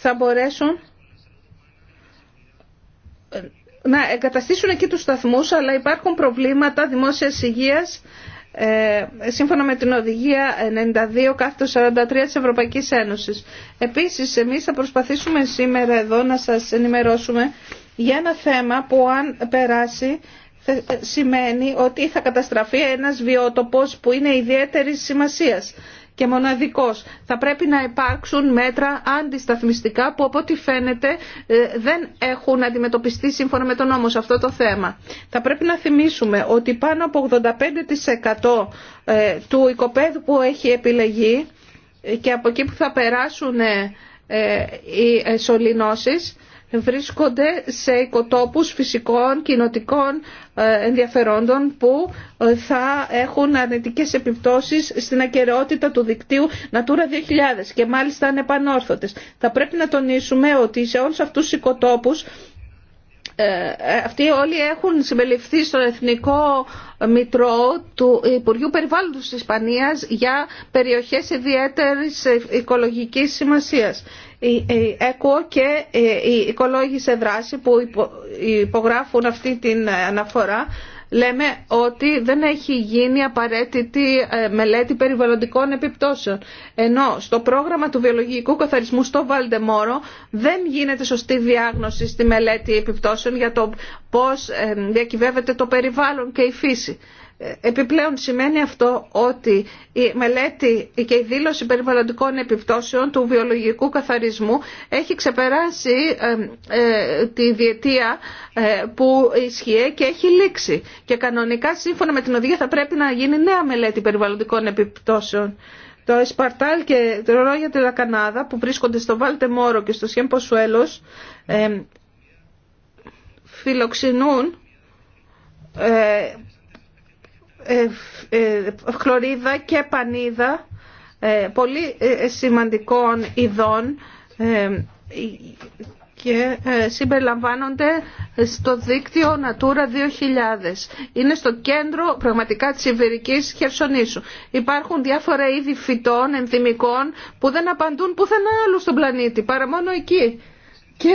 Speaker 3: θα μπορέσουν να εγκαταστήσουν εκεί τους σταθμούς, αλλά υπάρχουν προβλήματα δημόσιας υγείας ε, σύμφωνα με την οδηγία 92 43 της Ευρωπαϊκής Ένωσης. Επίσης, εμείς θα προσπαθήσουμε σήμερα εδώ να σας ενημερώσουμε για ένα θέμα που αν περάσει ε, σημαίνει ότι θα καταστραφεί ένας βιότοπος που είναι ιδιαίτερης σημασίας και μοναδικός. Θα πρέπει να υπάρξουν μέτρα αντισταθμιστικά που από ό,τι φαίνεται ε, δεν έχουν αντιμετωπιστεί σύμφωνα με τον νόμο σε αυτό το θέμα. Θα πρέπει να θυμίσουμε ότι πάνω από 85% ε, του οικοπαίδου που έχει επιλεγεί ε, και από εκεί που θα περάσουν οι σωληνώσεις βρίσκονται σε οικοτόπους φυσικών, κοινοτικών ε, ενδιαφερόντων που ε, θα έχουν αρνητικές επιπτώσεις στην ακαιρεότητα του δικτύου Natura 2000 και μάλιστα ανεπανόρθωτες. Θα πρέπει να τονίσουμε ότι σε όλους αυτούς τους οικοτόπους ε, αυτοί όλοι έχουν συμπεριληφθεί στον Εθνικό Μητρό του Υπουργείου Περιβάλλοντος της Ισπανίας για περιοχές ιδιαίτερης οικολογικής σημασίας έκουω και ε, η σε δράση που υπογράφουν αυτή την αναφορά λέμε ότι δεν έχει γίνει απαραίτητη ε, μελέτη περιβαλλοντικών επιπτώσεων. Ενώ στο πρόγραμμα του βιολογικού καθαρισμού στο Βαλτεμόρο δεν γίνεται σωστή διάγνωση στη μελέτη επιπτώσεων για το πώς ε, διακυβεύεται το περιβάλλον και η φύση. Επιπλέον σημαίνει αυτό ότι η μελέτη και η δήλωση περιβαλλοντικών επιπτώσεων του βιολογικού καθαρισμού έχει ξεπεράσει ε, τη διετία ε, που ισχύει και έχει λήξει. Και κανονικά σύμφωνα με την οδηγία θα πρέπει να γίνει νέα μελέτη περιβαλλοντικών επιπτώσεων. Το Εσπαρτάλ και το Ρόγια Τελακανάδα που βρίσκονται στο Βάλτε Μόρο και στο Σιέμπο Σουέλος φιλοξενούν ε, ε, ε, χλωρίδα και πανίδα ε, πολύ σημαντικών ειδών και συμπεριλαμβάνονται στο δίκτυο Natura 2000. Είναι στο κέντρο πραγματικά της Ιβερικής Χερσονήσου. Υπάρχουν διάφορα είδη φυτών, ενδυμικών που δεν απαντούν πουθενά άλλου στον πλανήτη, παρά μόνο εκεί. Και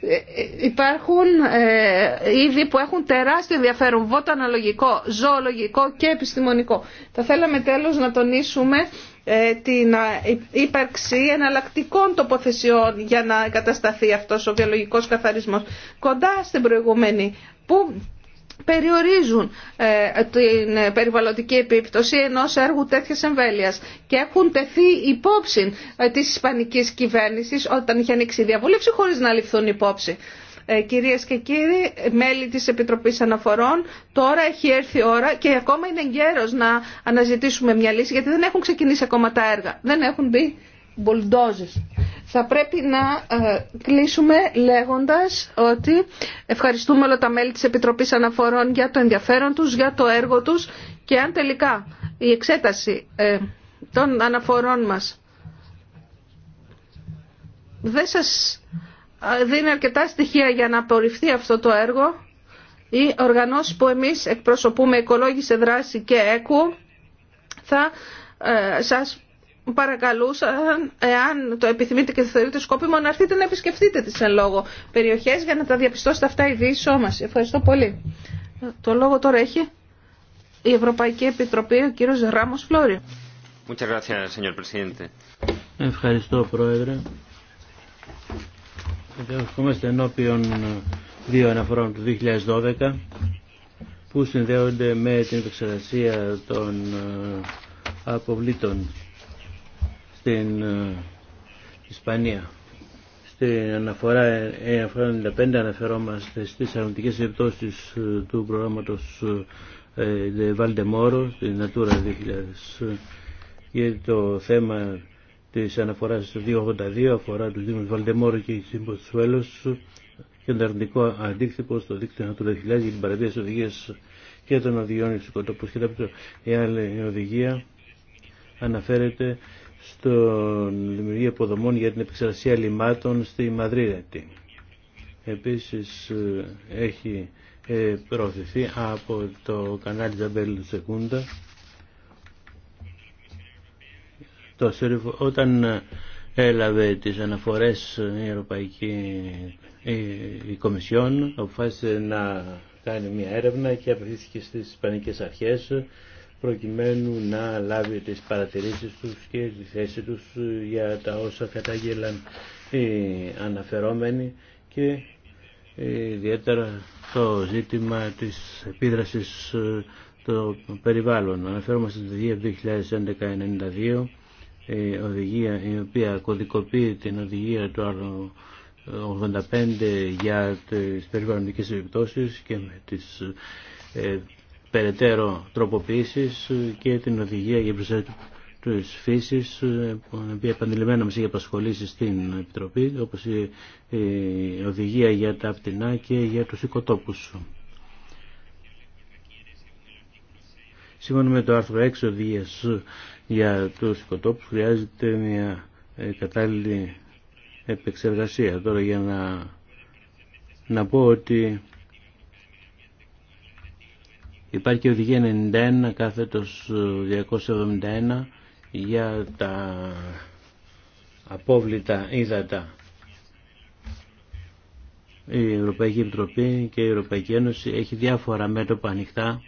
Speaker 3: ε, ε, υπάρχουν ε, είδη που έχουν τεράστιο ενδιαφέρον βότανολογικό, ζωολογικό και επιστημονικό. Θα θέλαμε τέλος να τονίσουμε την ύπαρξη εναλλακτικών τοποθεσιών για να κατασταθεί αυτός ο βιολογικός καθαρισμός. Κοντά στην προηγούμενη που περιορίζουν ε, την ε, περιβαλλοντική επίπτωση ενός έργου τέτοιας εμβέλειας και έχουν τεθεί υπόψη ε, της ισπανικής κυβέρνησης όταν είχε ανοίξει η διαβούλευση χωρίς να ληφθούν υπόψη. Κυρίες και κύριοι, μέλη της Επιτροπής Αναφορών, τώρα έχει έρθει η ώρα και ακόμα είναι γέρος να αναζητήσουμε μια λύση γιατί δεν έχουν ξεκινήσει ακόμα τα έργα, δεν έχουν μπει θα πρέπει να ε, κλείσουμε λέγοντας ότι ευχαριστούμε όλα τα μέλη της Επιτροπής Αναφορών για το ενδιαφέρον τους, για το έργο τους και αν τελικά η εξέταση ε, των αναφορών μας δεν σας ε, δίνει αρκετά στοιχεία για να απορριφθεί αυτό το έργο ή οργανώσει που εμείς εκπροσωπούμε οικολόγηση δράση και έκου θα σας παρακαλούσαν, εάν το επιθυμείτε και το θεωρείτε σκόπιμο, να έρθετε να επισκεφτείτε τις εν λόγω περιοχές για να τα διαπιστώσετε αυτά οι δύο μας. Ευχαριστώ πολύ. Το λόγο τώρα έχει η Ευρωπαϊκή Επιτροπή, ο κύριος Ράμος Φλόριο.
Speaker 1: Ευχαριστώ, Πρόεδρε. Ευχαριστούμε ενώπιον δύο αναφορών του 2012 που συνδέονται με την επεξεργασία των ε, αποβλήτων στην ε, Ισπανία. Στην αναφορά 95 αναφερόμαστε στις αρνητικές επιπτώσεις ε, του προγράμματος Βαλτεμόρο στην Natura 2000 για το θέμα της αναφοράς 282 αφορά τους Δήμους Βαλτεμόρο και Συμποσουέλος και τον αρνητικό αντίκτυπο στο δίκτυο Natura 2000 για την παραβίαση οδηγίας και των οδηγιών εξοικοτόπους και τα Η άλλη οδηγία αναφέρεται στον δημιουργία υποδομών για την επεξεργασία λιμάτων στη Μαδρίτη. Επίσης ε, έχει ε, προωθηθεί από το κανάλι Ζαμπελ Σεκούντα το όταν έλαβε τις αναφορές η Ευρωπαϊκή η Κομισιόν αποφάσισε να κάνει μια έρευνα και απευθύνθηκε στις Ισπανικές Αρχές προκειμένου να λάβει τις παρατηρήσεις τους και τη θέση τους ε, για τα όσα κατάγελαν οι αναφερόμενοι και ε, ιδιαίτερα το ζήτημα της επίδρασης ε, το περιβάλλον. Αναφέρομαστε στην οδηγία 2011-92, η οδηγία η οποία κωδικοποιεί την οδηγία του άλλου 85 για τις περιβαλλοντικές επιπτώσεις και με τις περαιτέρω τροποποιήσεις και την οδηγία για προσέγγιση τη φύση, ε, που οποία επανειλημμένα μας είχε απασχολήσει στην Επιτροπή, όπως η οδηγία για τα πτηνά και για τους οικοτόπους. Σύμφωνα με το άρθρο 6 οδηγίας για τους οικοτόπους χρειάζεται μια ε, κατάλληλη επεξεργασία. Τώρα για να, να πω ότι Υπάρχει και οδηγία 91 κάθετος 271 ε, για τα απόβλητα ύδατα. Η Ευρωπαϊκή Επιτροπή και η Ευρωπαϊκή Ένωση έχει διάφορα μέτωπα ανοιχτά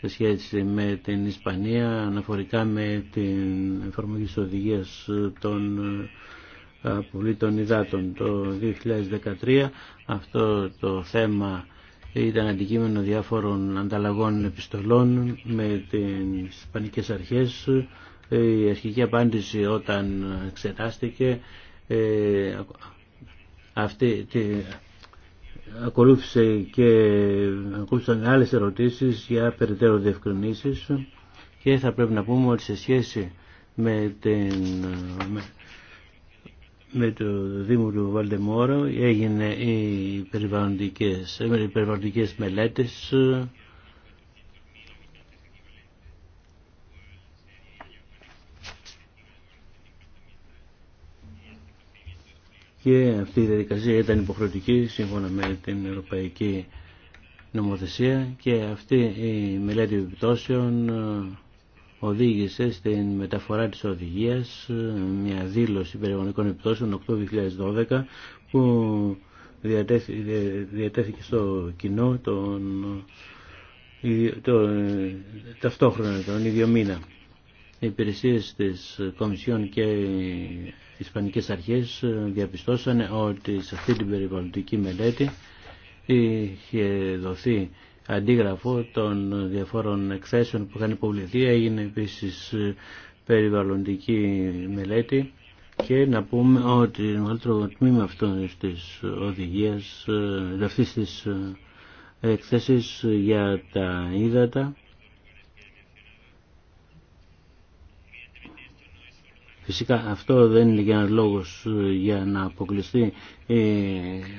Speaker 1: σε σχέση με την Ισπανία αναφορικά με την εφαρμογή της οδηγίας ε, των ε, αποβλητών υδάτων. Το 2013 αυτό το θέμα ήταν αντικείμενο διάφορων ανταλλαγών επιστολών με την Ισπανικές Αρχές. Ε, η αρχική απάντηση όταν εξετάστηκε ε, αυτή, τη, ακολούθησε και ακολούθησαν άλλες ερωτήσεις για περαιτέρω διευκρινήσεις και θα πρέπει να πούμε ότι σε σχέση με, την, με το Δήμο του Βαλτεμόρο έγινε οι περιβαλλοντικές, οι περιβαλλοντικές μελέτες και αυτή η διαδικασία ήταν υποχρεωτική σύμφωνα με την Ευρωπαϊκή Νομοθεσία και αυτή η μελέτη επιπτώσεων οδήγησε στην μεταφορά της οδηγίας μια δήλωση περιβαλλοντικών επιπτώσεων 8-2012 που διατέθηκε στο κοινό τον, το, ταυτόχρονα τον ίδιο μήνα. Οι υπηρεσίες της Κομισιόν και οι Ισπανικές Αρχές διαπιστώσανε ότι σε αυτή την περιβαλλοντική μελέτη είχε δοθεί αντίγραφο των διαφόρων εκθέσεων που είχαν υποβληθεί. Έγινε επίσης ε, περιβαλλοντική μελέτη και να πούμε ότι το τμήμα αυτό της οδηγίας, ε, αυτής της ε, εκθέσεις για τα ύδατα Φυσικά αυτό δεν είναι και ένα λόγος ε, για να αποκλειστεί, ε,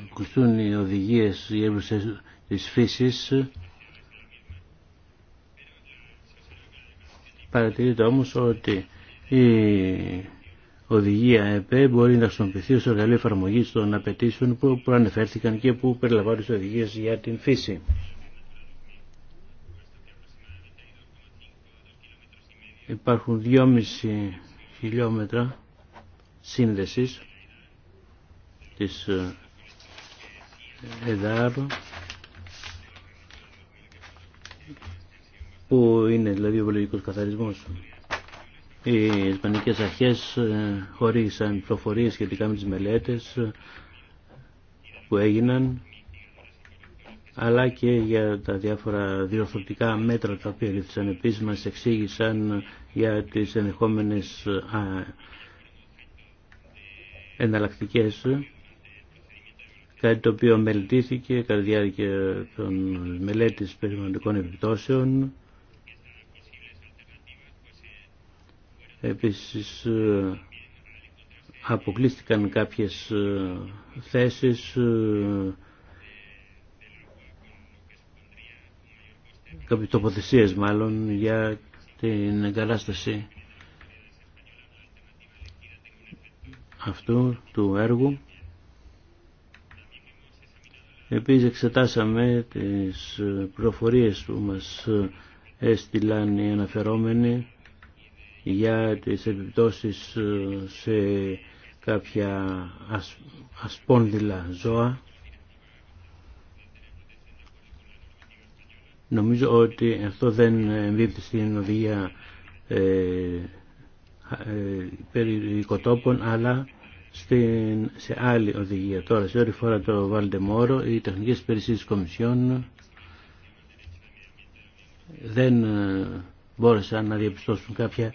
Speaker 1: αποκλειστούν οι οδηγίες για έμπρουσες τη φύση. Παρατηρείται όμω ότι η οδηγία ΕΠΕ μπορεί να χρησιμοποιηθεί ως εργαλείο εφαρμογή των απαιτήσεων που προανεφέρθηκαν και που περιλαμβάνουν τι οδηγίε για την φύση. Υπάρχουν δυόμιση χιλιόμετρα σύνδεσης της ε, ΕΔΑΡ που είναι δηλαδή ο βιολογικός καθαρισμός. Οι Ισπανικές αρχές ε, χωρίσαν προφορίες σχετικά με τις μελέτες ε, που έγιναν αλλά και για τα διάφορα διορθωτικά μέτρα τα οποία ρίχθησαν επίσης μας εξήγησαν για τις ενδεχόμενες εναλλακτικές κάτι το οποίο μελετήθηκε κατά διάρκεια των μελέτης περιβαλλοντικών επιπτώσεων επίσης αποκλείστηκαν κάποιες ε, θέσεις ε, τοποθεσίες μάλλον για την εγκατάσταση αυτού του έργου. Επίσης εξετάσαμε τις προφορίες που μας έστειλαν οι αναφερόμενοι για τις επιπτώσεις σε κάποια ασπόνδυλα ζώα Νομίζω ότι αυτό δεν εμπίπτει στην οδηγία ε, ε, περί οικοτόπων, αλλά στην, σε άλλη οδηγία. Τώρα, σε όλη φορά το μόρο, οι τεχνικές υπηρεσίες της δεν ε, μπόρεσαν να διαπιστώσουν κάποια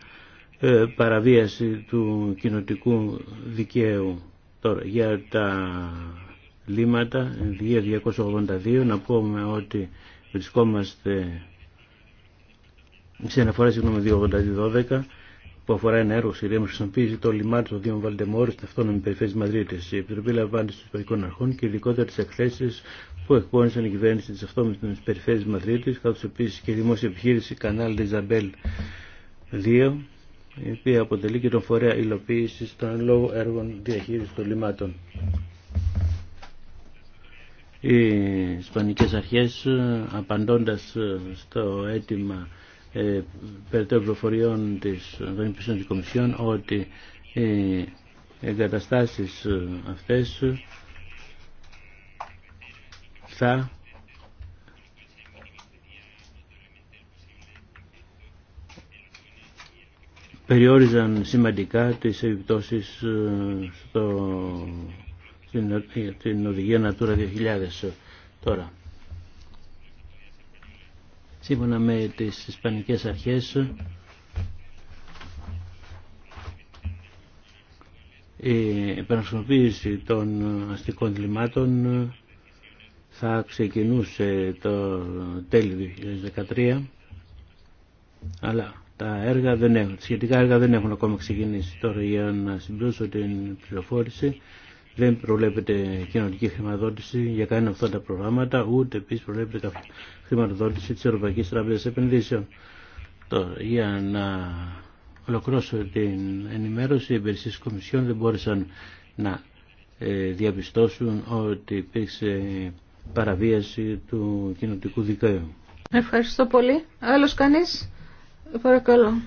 Speaker 1: ε, παραβίαση του κοινοτικού δικαίου. Τώρα, για τα λίματα, 282, να πούμε ότι βρισκόμαστε σε αναφορά συγγνώμη που αφορά ένα έργο Συρία που χρησιμοποιεί το λιμάνι των δύο Βαλτεμόρων στην αυτόνομη περιφέρεια τη Μαδρίτη. Η Επιτροπή λαμβάνει των Ισπανικών Αρχών και ειδικότερα τι εκθέσει που εκπώνησαν η κυβέρνηση τη αυτόνομη περιφέρεια τη Μαδρίτη, καθώ επίση και η δημόσια επιχείρηση Κανάλ Ντεζαμπέλ 2, η οποία αποτελεί και τον φορέα υλοποίηση των λόγω έργων διαχείριση των λιμάτων. Οι Ισπανικές αρχές ε, απαντώντας ε, στο αίτημα ε, περαιτέρω πληροφοριών της ε, της Κομισιόν ότι οι εγκαταστάσεις αυτές θα περιόριζαν σημαντικά τις επιπτώσεις στο την, την οδηγία Natura 2000 ε, τώρα. Σύμφωνα με τις Ισπανικές αρχές η επαναχρησιμοποίηση των αστικών κλιμάτων θα ξεκινούσε το τέλη 2013 αλλά τα έργα δεν έχουν, σχετικά έργα δεν έχουν ακόμα ξεκινήσει τώρα για να συμπλούσω την πληροφόρηση δεν προβλέπεται κοινωνική χρηματοδότηση για κανένα από αυτά τα προγράμματα, ούτε επίση προβλέπεται κάποια χρηματοδότηση τη Ευρωπαϊκή Τράπεζα Επενδύσεων. Τώρα, για να ολοκληρώσω την ενημέρωση, οι υπηρεσίε Κομισιόν δεν μπόρεσαν να ε, διαπιστώσουν ότι υπήρξε παραβίαση του κοινωτικού δικαίου.
Speaker 3: Ευχαριστώ πολύ. Άλλος κανείς. Παρακαλώ.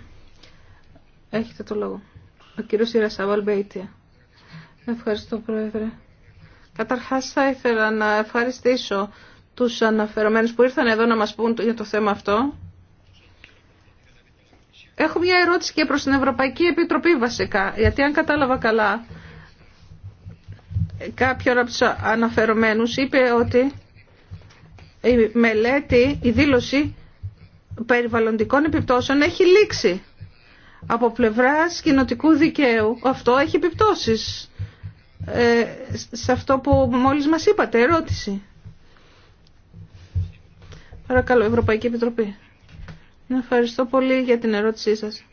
Speaker 3: Έχετε το λόγο. Ο κύριος Ιρασάβαλ Μπέιτια. Ευχαριστώ, Πρόεδρε. Καταρχάς θα ήθελα να ευχαριστήσω τους αναφερομένους που ήρθαν εδώ να μας πούν για το θέμα αυτό. Έχω μια ερώτηση και προς την Ευρωπαϊκή Επιτροπή βασικά, γιατί αν κατάλαβα καλά, κάποιον από τους αναφερομένους είπε ότι η μελέτη, η δήλωση περιβαλλοντικών επιπτώσεων έχει λήξει. Από πλευράς κοινοτικού δικαίου αυτό έχει επιπτώσεις ε, σε αυτό που μόλις μας είπατε, ερώτηση. Παρακαλώ, Ευρωπαϊκή Επιτροπή. Ευχαριστώ πολύ για την ερώτησή σας.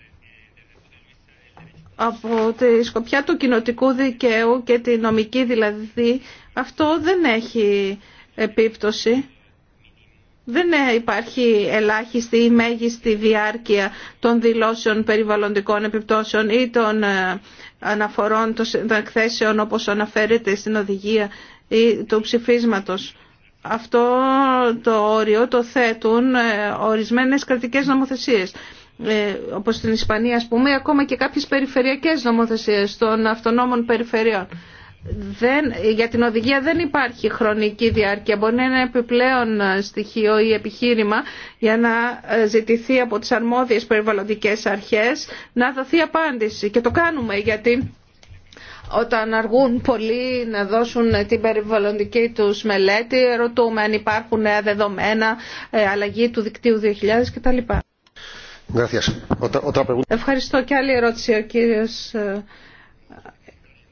Speaker 3: Από τη σκοπιά του κοινοτικού δικαίου και τη νομική δηλαδή, αυτό δεν έχει επίπτωση. Δεν ε, υπάρχει ελάχιστη ή μέγιστη διάρκεια των δηλώσεων περιβαλλοντικών επιπτώσεων ή των ε, αναφορών των εκθέσεων όπως αναφέρεται στην οδηγία ή του ψηφίσματος. Αυτό το όριο το θέτουν ε, ορισμένες κρατικές νομοθεσίες. Ε, όπως στην Ισπανία ας πούμε, ακόμα και κάποιες περιφερειακές νομοθεσίες των αυτονόμων περιφερειών δεν, για την οδηγία δεν υπάρχει χρονική διάρκεια. Μπορεί να είναι επιπλέον στοιχείο ή επιχείρημα για να ε, ζητηθεί από τις αρμόδιες περιβαλλοντικές αρχές να δοθεί απάντηση. Και το κάνουμε γιατί όταν αργούν πολλοί να δώσουν την περιβαλλοντική τους μελέτη ρωτούμε αν υπάρχουν νέα δεδομένα, ε, αλλαγή του δικτύου 2000 κτλ. Ευχαριστώ και άλλη ερώτηση ο κύριος ε,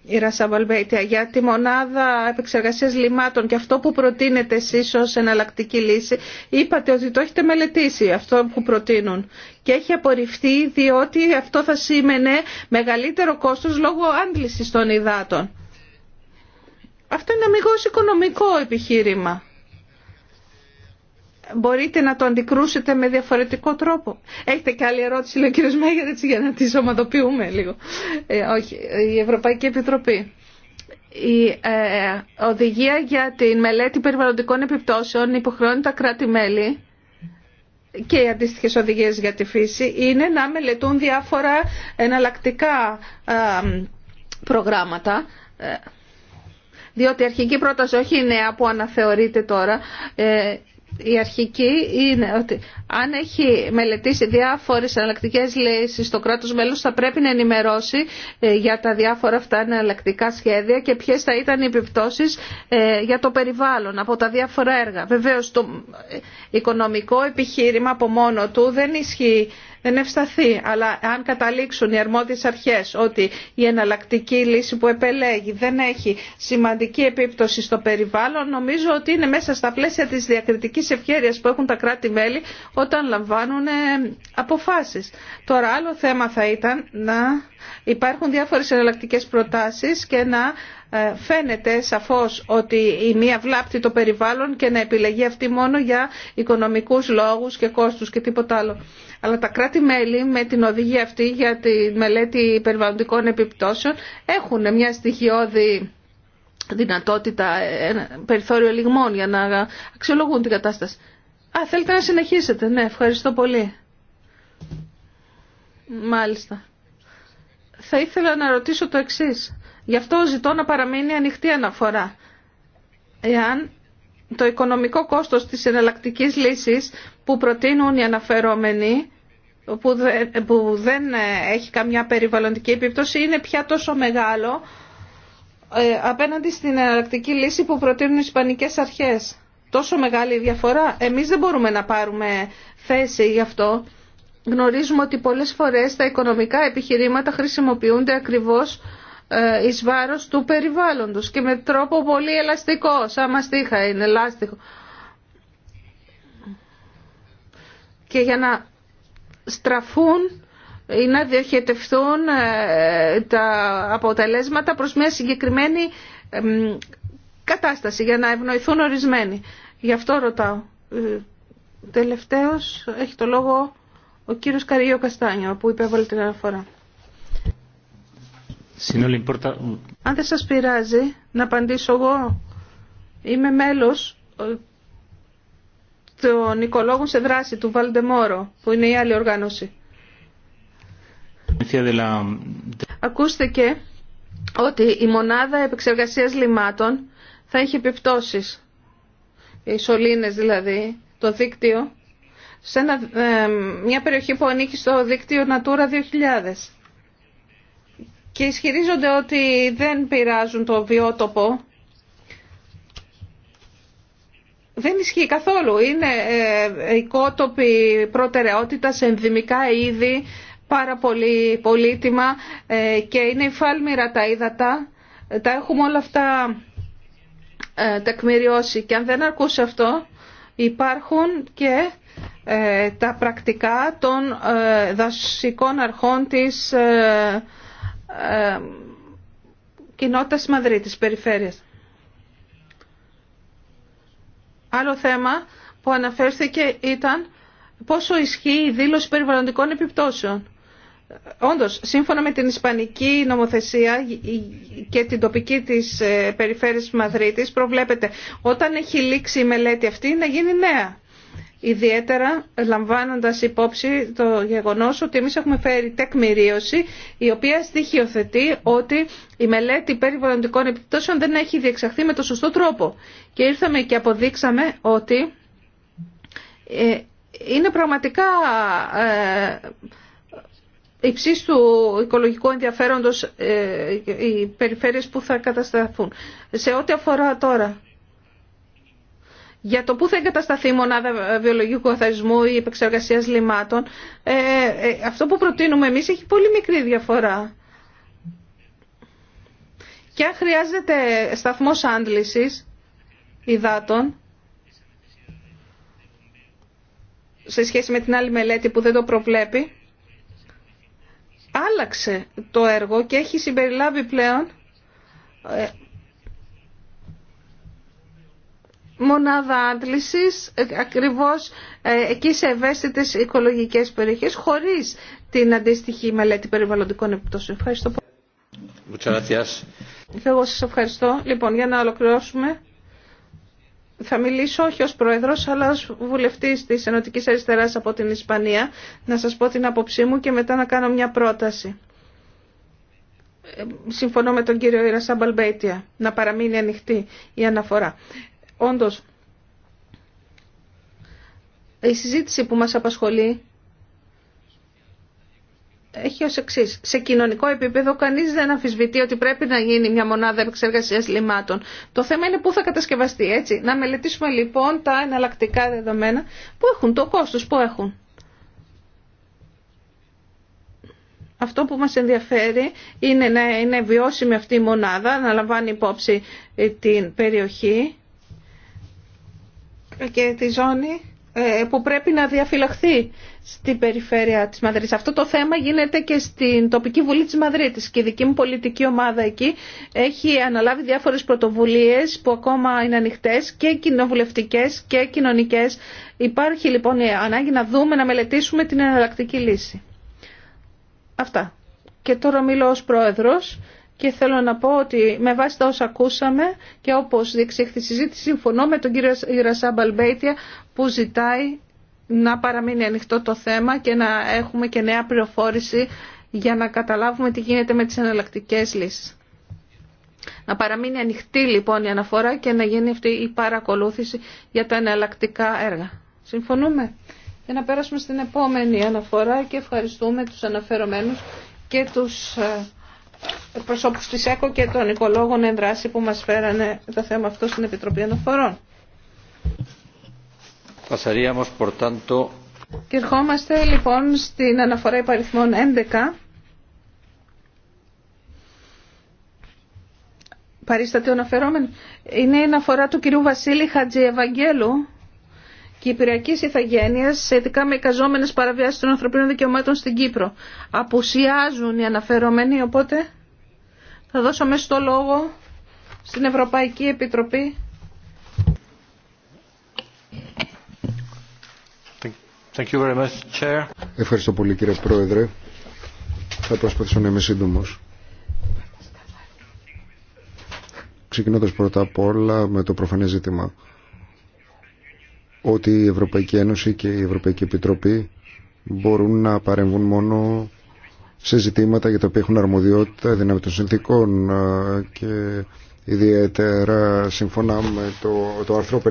Speaker 3: η Ρασαβαλμπέιτια για τη μονάδα επεξεργασίας λιμάτων και αυτό που προτείνετε εσείς ως εναλλακτική λύση είπατε ότι το έχετε μελετήσει αυτό που προτείνουν και έχει απορριφθεί διότι αυτό θα σήμαινε μεγαλύτερο κόστος λόγω άντληση των υδάτων. Αυτό είναι αμυγό οικονομικό επιχείρημα μπορείτε να το αντικρούσετε με διαφορετικό τρόπο. Έχετε και άλλη ερώτηση, λέει ο κύριος Μέγερ, για να τη σωματοποιούμε λίγο. Ε, όχι, η Ευρωπαϊκή Επιτροπή. Η ε, οδηγία για τη μελέτη περιβαλλοντικών επιπτώσεων υποχρεώνει τα κράτη-μέλη και οι αντίστοιχε οδηγίε για τη φύση είναι να μελετούν διάφορα εναλλακτικά ε, προγράμματα ε, διότι η αρχική πρόταση όχι η νέα που αναθεωρείται τώρα ε, η αρχική είναι ότι αν έχει μελετήσει διάφορες εναλλακτικέ λύσεις στο κράτος μέλος θα πρέπει να ενημερώσει ε, για τα διάφορα αυτά εναλλακτικά σχέδια και ποιες θα ήταν οι επιπτώσεις ε, για το περιβάλλον από τα διάφορα έργα. Βεβαίως το ε, οικονομικό επιχείρημα από μόνο του δεν ισχύει δεν ευσταθεί. Αλλά αν καταλήξουν οι αρμόδιες αρχές ότι η εναλλακτική λύση που επελέγει δεν έχει σημαντική επίπτωση στο περιβάλλον, νομίζω ότι είναι μέσα στα πλαίσια της διακριτικής ευχέρειας που έχουν τα κράτη-μέλη όταν λαμβάνουν ε, αποφάσεις. Τώρα άλλο θέμα θα ήταν να υπάρχουν διάφορες εναλλακτικές προτάσεις και να ε, φαίνεται σαφώς ότι η μία βλάπτει το περιβάλλον και να επιλεγεί αυτή μόνο για οικονομικούς λόγους και κόστους και τίποτα άλλο. Αλλά τα κράτη-μέλη με την οδηγία αυτή για τη μελέτη περιβαλλοντικών επιπτώσεων έχουν μια στοιχειώδη δυνατότητα, περιθώριο λιγμών για να αξιολογούν την κατάσταση. Α, θέλετε να συνεχίσετε. Ναι, ευχαριστώ πολύ. Μάλιστα. Θα ήθελα να ρωτήσω το εξής Γι' αυτό ζητώ να παραμείνει ανοιχτή αναφορά. Εάν το οικονομικό κόστος της εναλλακτική λύσης που προτείνουν οι αναφερόμενοι που δεν, έχει καμιά περιβαλλοντική επίπτωση είναι πια τόσο μεγάλο ε, απέναντι στην εναλλακτική λύση που προτείνουν οι Ισπανικές αρχές. Τόσο μεγάλη διαφορά. Εμείς δεν μπορούμε να πάρουμε θέση γι' αυτό. Γνωρίζουμε ότι πολλές φορές τα οικονομικά επιχειρήματα χρησιμοποιούνται ακριβώς ε, εις βάρος του περιβάλλοντος και με τρόπο πολύ ελαστικό, σαν μαστίχα είναι ελάστιχο. Και για να στραφούν ή να διοχετευτούν ε, τα αποτελέσματα προς μια συγκεκριμένη κατάσταση για να ευνοηθούν ορισμένοι. Γι' αυτό ρωτάω. Ε, τελευταίος έχει το λόγο ο κύριος Καριό Καστάνιο που υπέβαλε την αναφορά.
Speaker 1: Mm.
Speaker 3: Αν δεν σας πειράζει να απαντήσω εγώ, είμαι μέλος ε, των οικολόγων σε δράση του Βαλντεμόρο, που είναι η άλλη οργάνωση. Ακούστε και ότι η μονάδα επεξεργασίας λιμάτων θα έχει επιπτώσεις, οι σωλήνες δηλαδή, το δίκτυο, σε ε, μια περιοχή που ανήκει στο δίκτυο Natura 2000 και ισχυρίζονται ότι δεν πειράζουν το βιότοπο. Δεν ισχύει καθόλου. Είναι ε, οικότοποι προτεραιότητας, ενδυμικά είδη, πάρα πολύ πολύτιμα ε, και είναι υφάλμηρα τα ύδατα. Τα έχουμε όλα αυτά ε, τεκμηριώσει και αν δεν αρκούσε αυτό υπάρχουν και τα πρακτικά των δασικών αρχών της κοινότητα κοινότητας Μαδρίτης, περιφέρειας. Άλλο θέμα που αναφέρθηκε ήταν πόσο ισχύει η δήλωση περιβαλλοντικών επιπτώσεων. Όντως, σύμφωνα με την Ισπανική νομοθεσία και την τοπική της ε, περιφέρειας Μαδρίτης, προβλέπεται όταν έχει λήξει η μελέτη αυτή να γίνει νέα ιδιαίτερα λαμβάνοντας υπόψη το γεγονός ότι εμείς έχουμε φέρει τεκμηρίωση η οποία στοιχειοθετεί ότι η μελέτη περιβαλλοντικών επιπτώσεων δεν έχει διεξαχθεί με το σωστό τρόπο. Και ήρθαμε και αποδείξαμε ότι ε, είναι πραγματικά ε, υψής του οικολογικού ενδιαφέροντος ε, οι περιφέρειες που θα κατασταθούν. Σε ό,τι αφορά τώρα για το πού θα εγκατασταθεί μονάδα βιολογικού καθαρισμού ή επεξεργασίας λιμάτων, ε, ε, αυτό που προτείνουμε εμείς έχει πολύ μικρή διαφορά. Και αν χρειάζεται σταθμός άντλησης υδάτων, σε σχέση με την άλλη μελέτη που δεν το προβλέπει, άλλαξε το έργο και έχει συμπεριλάβει πλέον ε, μονάδα άντλησης ε, ακριβώς ε, εκεί σε ευαίσθητες οικολογικές περιοχές χωρίς την αντίστοιχη μελέτη περιβαλλοντικών επιπτώσεων. Ευχαριστώ πολύ. εγώ σας ευχαριστώ. Λοιπόν, για να ολοκληρώσουμε, θα μιλήσω όχι ως πρόεδρος, αλλά ως βουλευτής της Ενωτικής Αριστεράς από την Ισπανία, να σας πω την άποψή μου και μετά να κάνω μια πρόταση. Ε, συμφωνώ με τον κύριο Ιρασάμπαλ Μπέιτια, να παραμείνει ανοιχτή η αναφορά. Όντως, η συζήτηση που μας απασχολεί έχει ως εξή. Σε κοινωνικό επίπεδο κανείς δεν αμφισβητεί ότι πρέπει να γίνει μια μονάδα επεξεργασίας λιμάτων. Το θέμα είναι πού θα κατασκευαστεί έτσι. Να μελετήσουμε λοιπόν τα εναλλακτικά δεδομένα που έχουν, το κόστος που έχουν. Αυτό που μας ενδιαφέρει είναι να είναι βιώσιμη αυτή η μονάδα, να λαμβάνει υπόψη την περιοχή και τη ζώνη ε, που πρέπει να διαφυλαχθεί στην περιφέρεια της Μαδρίτης. Αυτό το θέμα γίνεται και στην τοπική βουλή της Μαδρίτης και η δική μου πολιτική ομάδα εκεί έχει αναλάβει διάφορες πρωτοβουλίες που ακόμα είναι ανοιχτές και κοινοβουλευτικές και κοινωνικές. Υπάρχει λοιπόν η ανάγκη να δούμε, να μελετήσουμε την εναλλακτική λύση. Αυτά. Και τώρα μιλώ ως πρόεδρος και θέλω να πω ότι με βάση τα όσα ακούσαμε και όπως διεξήχθη η συζήτηση, συμφωνώ με τον κύριο Ιρασά Μπαλμπέιτια που ζητάει να παραμείνει ανοιχτό το θέμα και να έχουμε και νέα πληροφόρηση για να καταλάβουμε τι γίνεται με τις εναλλακτικέ λύσεις. Να παραμείνει ανοιχτή λοιπόν η αναφορά και να γίνει αυτή η παρακολούθηση για τα εναλλακτικά έργα. Συμφωνούμε. Για να πέρασουμε στην επόμενη αναφορά και ευχαριστούμε τους αναφερομένους και τους ε, προσώπους της ΕΚΟ και των οικολόγων εν που μας φέρανε το θέμα αυτό στην Επιτροπή Αναφορών. Και ερχόμαστε λοιπόν στην αναφορά υπαριθμών 11. Παρίσταται ο αναφερόμενο. Είναι η αναφορά του κυρίου Βασίλη Χατζη Ευαγγέλου Κυπριακής Ιθαγένειας σχετικά με εικαζόμενε παραβιάσεις των ανθρωπίνων δικαιωμάτων στην Κύπρο. Απουσιάζουν οι αναφερόμενοι, οπότε θα δώσω μέσα το λόγο στην Ευρωπαϊκή Επιτροπή.
Speaker 1: Thank you very much,
Speaker 2: Chair. Ευχαριστώ πολύ κύριε Πρόεδρε. Θα προσπαθήσω να είμαι σύντομος. Ξεκινώντας πρώτα απ' όλα με το προφανές ζήτημα ότι η Ευρωπαϊκή Ένωση και η Ευρωπαϊκή Επιτροπή μπορούν να παρεμβούν μόνο σε ζητήματα για τα οποία έχουν αρμοδιότητα δύναμη των συνθήκων και ιδιαίτερα σύμφωνα με το, το άρθρο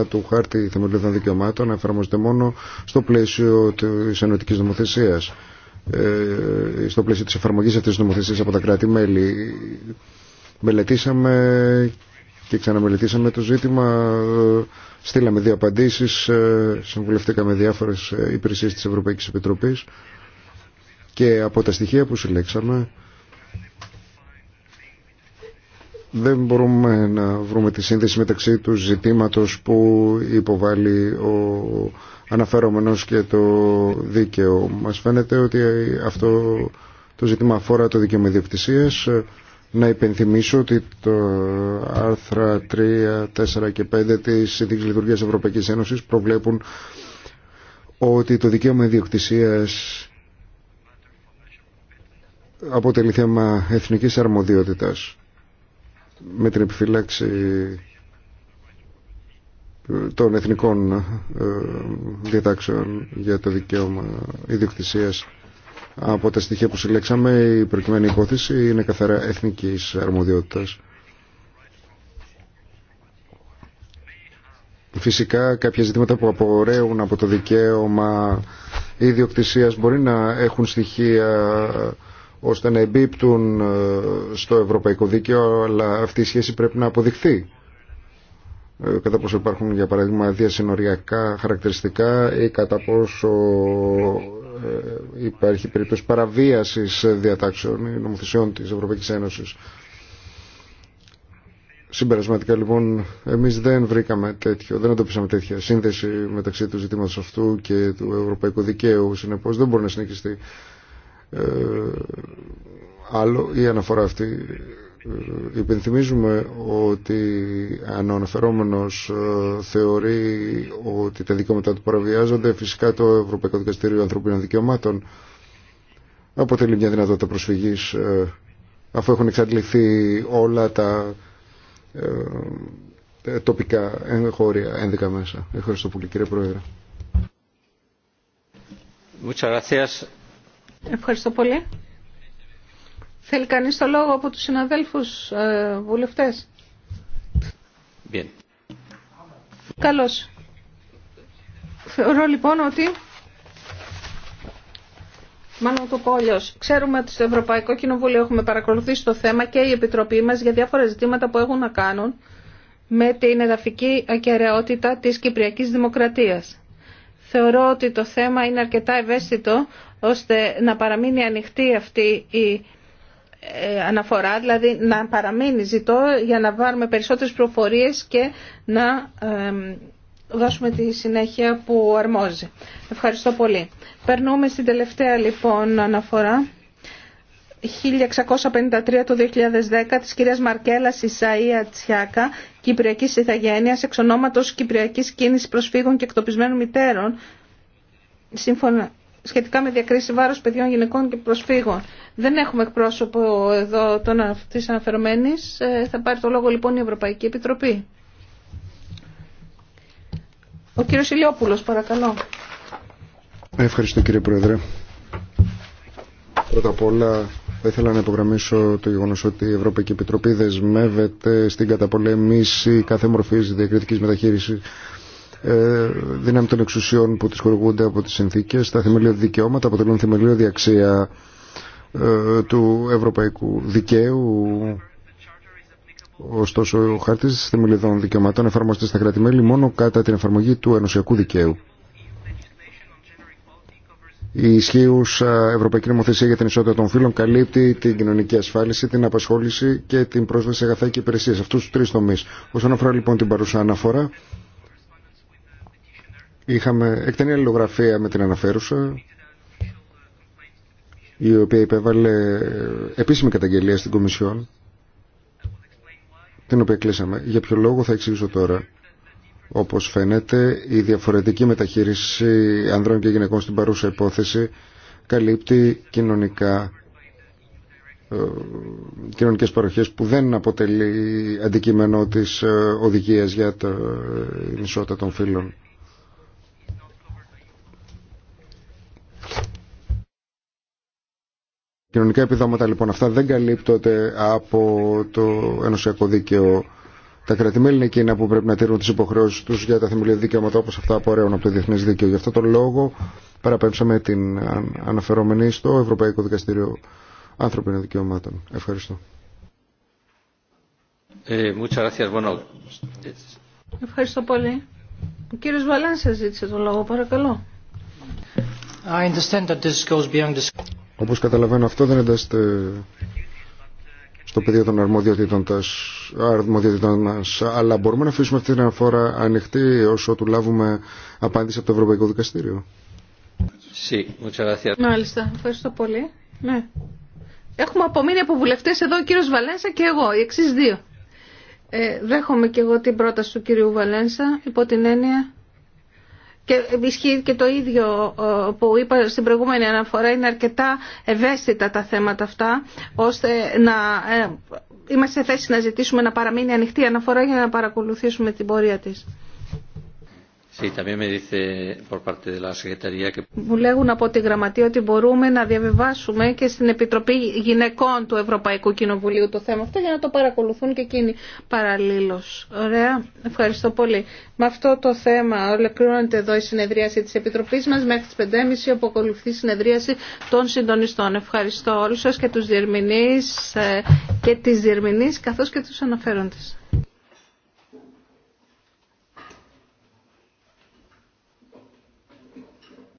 Speaker 2: 51 του Χάρτη Θεμελιωδών Δικαιωμάτων εφαρμοζεται μόνο στο πλαίσιο της ενωτικής νομοθεσίας ε, στο πλαίσιο της εφαρμογής αυτής της νομοθεσίας από τα κράτη-μέλη μελετήσαμε και ξαναμελετήσαμε το ζήτημα Στείλαμε δύο απαντήσεις, ε, συμβουλευτήκαμε διάφορες ε, υπηρεσίε της Ευρωπαϊκής Επιτροπής και από τα στοιχεία που συλλέξαμε δεν μπορούμε να βρούμε τη σύνδεση μεταξύ του ζητήματος που υποβάλλει ο αναφερόμενος και το δίκαιο. Μας φαίνεται ότι αυτό το ζήτημα αφορά το δικαίωμα ιδιοκτησία να υπενθυμίσω ότι το άρθρα 3, 4 και 5 της Συνθήκης Λειτουργίας Ευρωπαϊκής Ένωσης προβλέπουν ότι το δικαίωμα ιδιοκτησίας αποτελεί θέμα εθνικής αρμοδιότητας με την επιφύλαξη των εθνικών ε, διατάξεων για το δικαίωμα ιδιοκτησίας από τα στοιχεία που συλλέξαμε, η προκειμένη υπόθεση είναι καθαρά εθνικής αρμοδιότητας. Φυσικά κάποια ζητήματα που απορρέουν από το δικαίωμα ιδιοκτησίας μπορεί να έχουν στοιχεία ώστε να εμπίπτουν ε, στο ευρωπαϊκό δίκαιο, αλλά αυτή η σχέση πρέπει να αποδειχθεί. Ε, κατά πόσο υπάρχουν, για παράδειγμα, διασυνοριακά χαρακτηριστικά ή κατά πόσο ε, υπάρχει περίπτωση παραβίασης διατάξεων ή νομοθεσιών της Ευρωπαϊκής Ένωσης. Συμπερασματικά λοιπόν εμείς δεν βρήκαμε τέτοιο, δεν εντοπίσαμε τέτοια σύνδεση μεταξύ του ζητήματος αυτού και του ευρωπαϊκού δικαίου. Συνεπώς δεν μπορεί να συνεχιστεί ε, άλλο η αναφορά αυτή Υπενθυμίζουμε ότι αν ο αναφερόμενος ε, θεωρεί ότι τα δικαιώματα του παραβιάζονται, φυσικά το Ευρωπαϊκό Δικαστήριο Ανθρωπίνων Δικαιωμάτων αποτελεί μια δυνατότητα προσφυγής ε, αφού έχουν εξαντληθεί όλα τα ε, τοπικά χώρια ένδικα μέσα. Ευχαριστώ πολύ κύριε Πρόεδρε.
Speaker 3: Ευχαριστώ πολύ. Θέλει κανεί το λόγο από του συναδέλφους ε, βουλευτές. Θεωρώ λοιπόν ότι... Μάλλον το πω Ξέρουμε ότι στο Ευρωπαϊκό Κοινοβούλιο έχουμε παρακολουθήσει το θέμα και η Επιτροπή μας για διάφορα ζητήματα που έχουν να κάνουν με την εδαφική ακεραιότητα της Κυπριακής Δημοκρατίας. Θεωρώ ότι το θέμα είναι αρκετά ευαίσθητο ώστε να παραμείνει ανοιχτή αυτή η ε, αναφορά, δηλαδή να παραμείνει ζητώ για να βάλουμε περισσότερες προφορίες και να δώσουμε τη συνέχεια που αρμόζει. Ευχαριστώ πολύ. Περνούμε στην τελευταία λοιπόν αναφορά. 1653 το 2010 της κυρίας Μαρκέλα Ισαΐα Τσιάκα, Κυπριακής Ιθαγένειας, εξ ονόματος Κυπριακής Κίνησης Προσφύγων και Εκτοπισμένων Μητέρων, σύμφωνα σχετικά με διακρίση βάρος παιδιών, γυναικών και προσφύγων. Δεν έχουμε εκπρόσωπο εδώ των, της αναφερομένης. Ε, θα πάρει το λόγο λοιπόν η Ευρωπαϊκή Επιτροπή. Ο κύριος Ηλιόπουλος, παρακαλώ.
Speaker 2: Ευχαριστώ κύριε Πρόεδρε. Πρώτα απ' όλα θα ήθελα να υπογραμμίσω το γεγονό ότι η Ευρωπαϊκή Επιτροπή δεσμεύεται στην καταπολέμηση κάθε μορφή διακριτική μεταχείριση ε, δύναμη των εξουσιών που τις χορηγούνται από τις συνθήκες, τα θεμελιώδη δικαιώματα αποτελούν θεμελιώδη αξία ε, του ευρωπαϊκού δικαίου. Ωστόσο, ο χάρτη θεμελιωδών δικαιωμάτων εφαρμοστεί στα κρατη μόνο κατά την εφαρμογή του ενωσιακού δικαίου. Η ισχύουσα Ευρωπαϊκή Νομοθεσία για την Ισότητα των Φύλων καλύπτει την κοινωνική ασφάλιση, την απασχόληση και την πρόσβαση σε αγαθά και υπηρεσίε. Αυτού του τρει τομεί. Όσον αφορά λοιπόν την παρούσα αναφορά, Είχαμε εκτενή αλληλογραφία με την αναφέρουσα, η οποία υπέβαλε επίσημη καταγγελία στην Κομισιόν, την οποία κλείσαμε. Για ποιο λόγο θα εξηγήσω τώρα. Όπως φαίνεται, η διαφορετική μεταχείριση ανδρών και γυναικών στην παρούσα υπόθεση καλύπτει κοινωνικά ε, κοινωνικές παροχές που δεν αποτελεί αντικείμενο της ε, οδηγίας για ε, την ισότητα των φύλων. Κοινωνικά επιδόματα λοιπόν αυτά δεν καλύπτονται από το ενωσιακό δίκαιο. Τα κρατημέλη είναι εκείνα που πρέπει να τηρούν τι υποχρεώσει του για τα θεμελιώδη δικαιώματα όπω αυτά απορρέουν από το διεθνέ δίκαιο. Γι' αυτό τον λόγο παραπέμψαμε την αναφερόμενη στο Ευρωπαϊκό Δικαστήριο Ανθρωπίνων Δικαιωμάτων. Ευχαριστώ.
Speaker 1: Ε,
Speaker 3: Ευχαριστώ πολύ. Ο κύριος ζήτησε τον λόγο, παρακαλώ.
Speaker 2: Όπως καταλαβαίνω αυτό δεν εντάσσεται στο πεδίο των αρμοδιοτήτων, τας, αρμοδιοτήτων μας, αλλά μπορούμε να αφήσουμε αυτή την αναφορά ανοιχτή όσο του λάβουμε απάντηση από το Ευρωπαϊκό Δικαστήριο.
Speaker 1: Μάλιστα,
Speaker 3: ευχαριστώ πολύ. Ναι. Έχουμε απομείνει από βουλευτέ εδώ ο κύριο Βαλένσα και εγώ, οι εξή δύο. Ε, δέχομαι και εγώ την πρόταση του κυρίου Βαλένσα υπό την έννοια και ισχύει και το ίδιο ε, που είπα στην προηγούμενη αναφορά, είναι αρκετά ευαίσθητα τα θέματα αυτά, ώστε να ε, είμαστε σε θέση να ζητήσουμε να παραμείνει ανοιχτή η αναφορά για να παρακολουθήσουμε την πορεία της. Μου λέγουν από τη Γραμματεία ότι μπορούμε να διαβιβάσουμε και στην Επιτροπή Γυναικών του Ευρωπαϊκού Κοινοβουλίου το θέμα αυτό για να το παρακολουθούν και εκείνοι παραλλήλως. Ωραία. Ευχαριστώ πολύ. Με αυτό το θέμα ολοκληρώνεται εδώ η συνεδρίαση της Επιτροπής μας μέχρι τις 5.30 όπου ακολουθεί η συνεδρίαση των συντονιστών. Ευχαριστώ όλους σας και τους διερμηνείς ε, και τις διερμηνείς καθώς και τους αναφέροντες.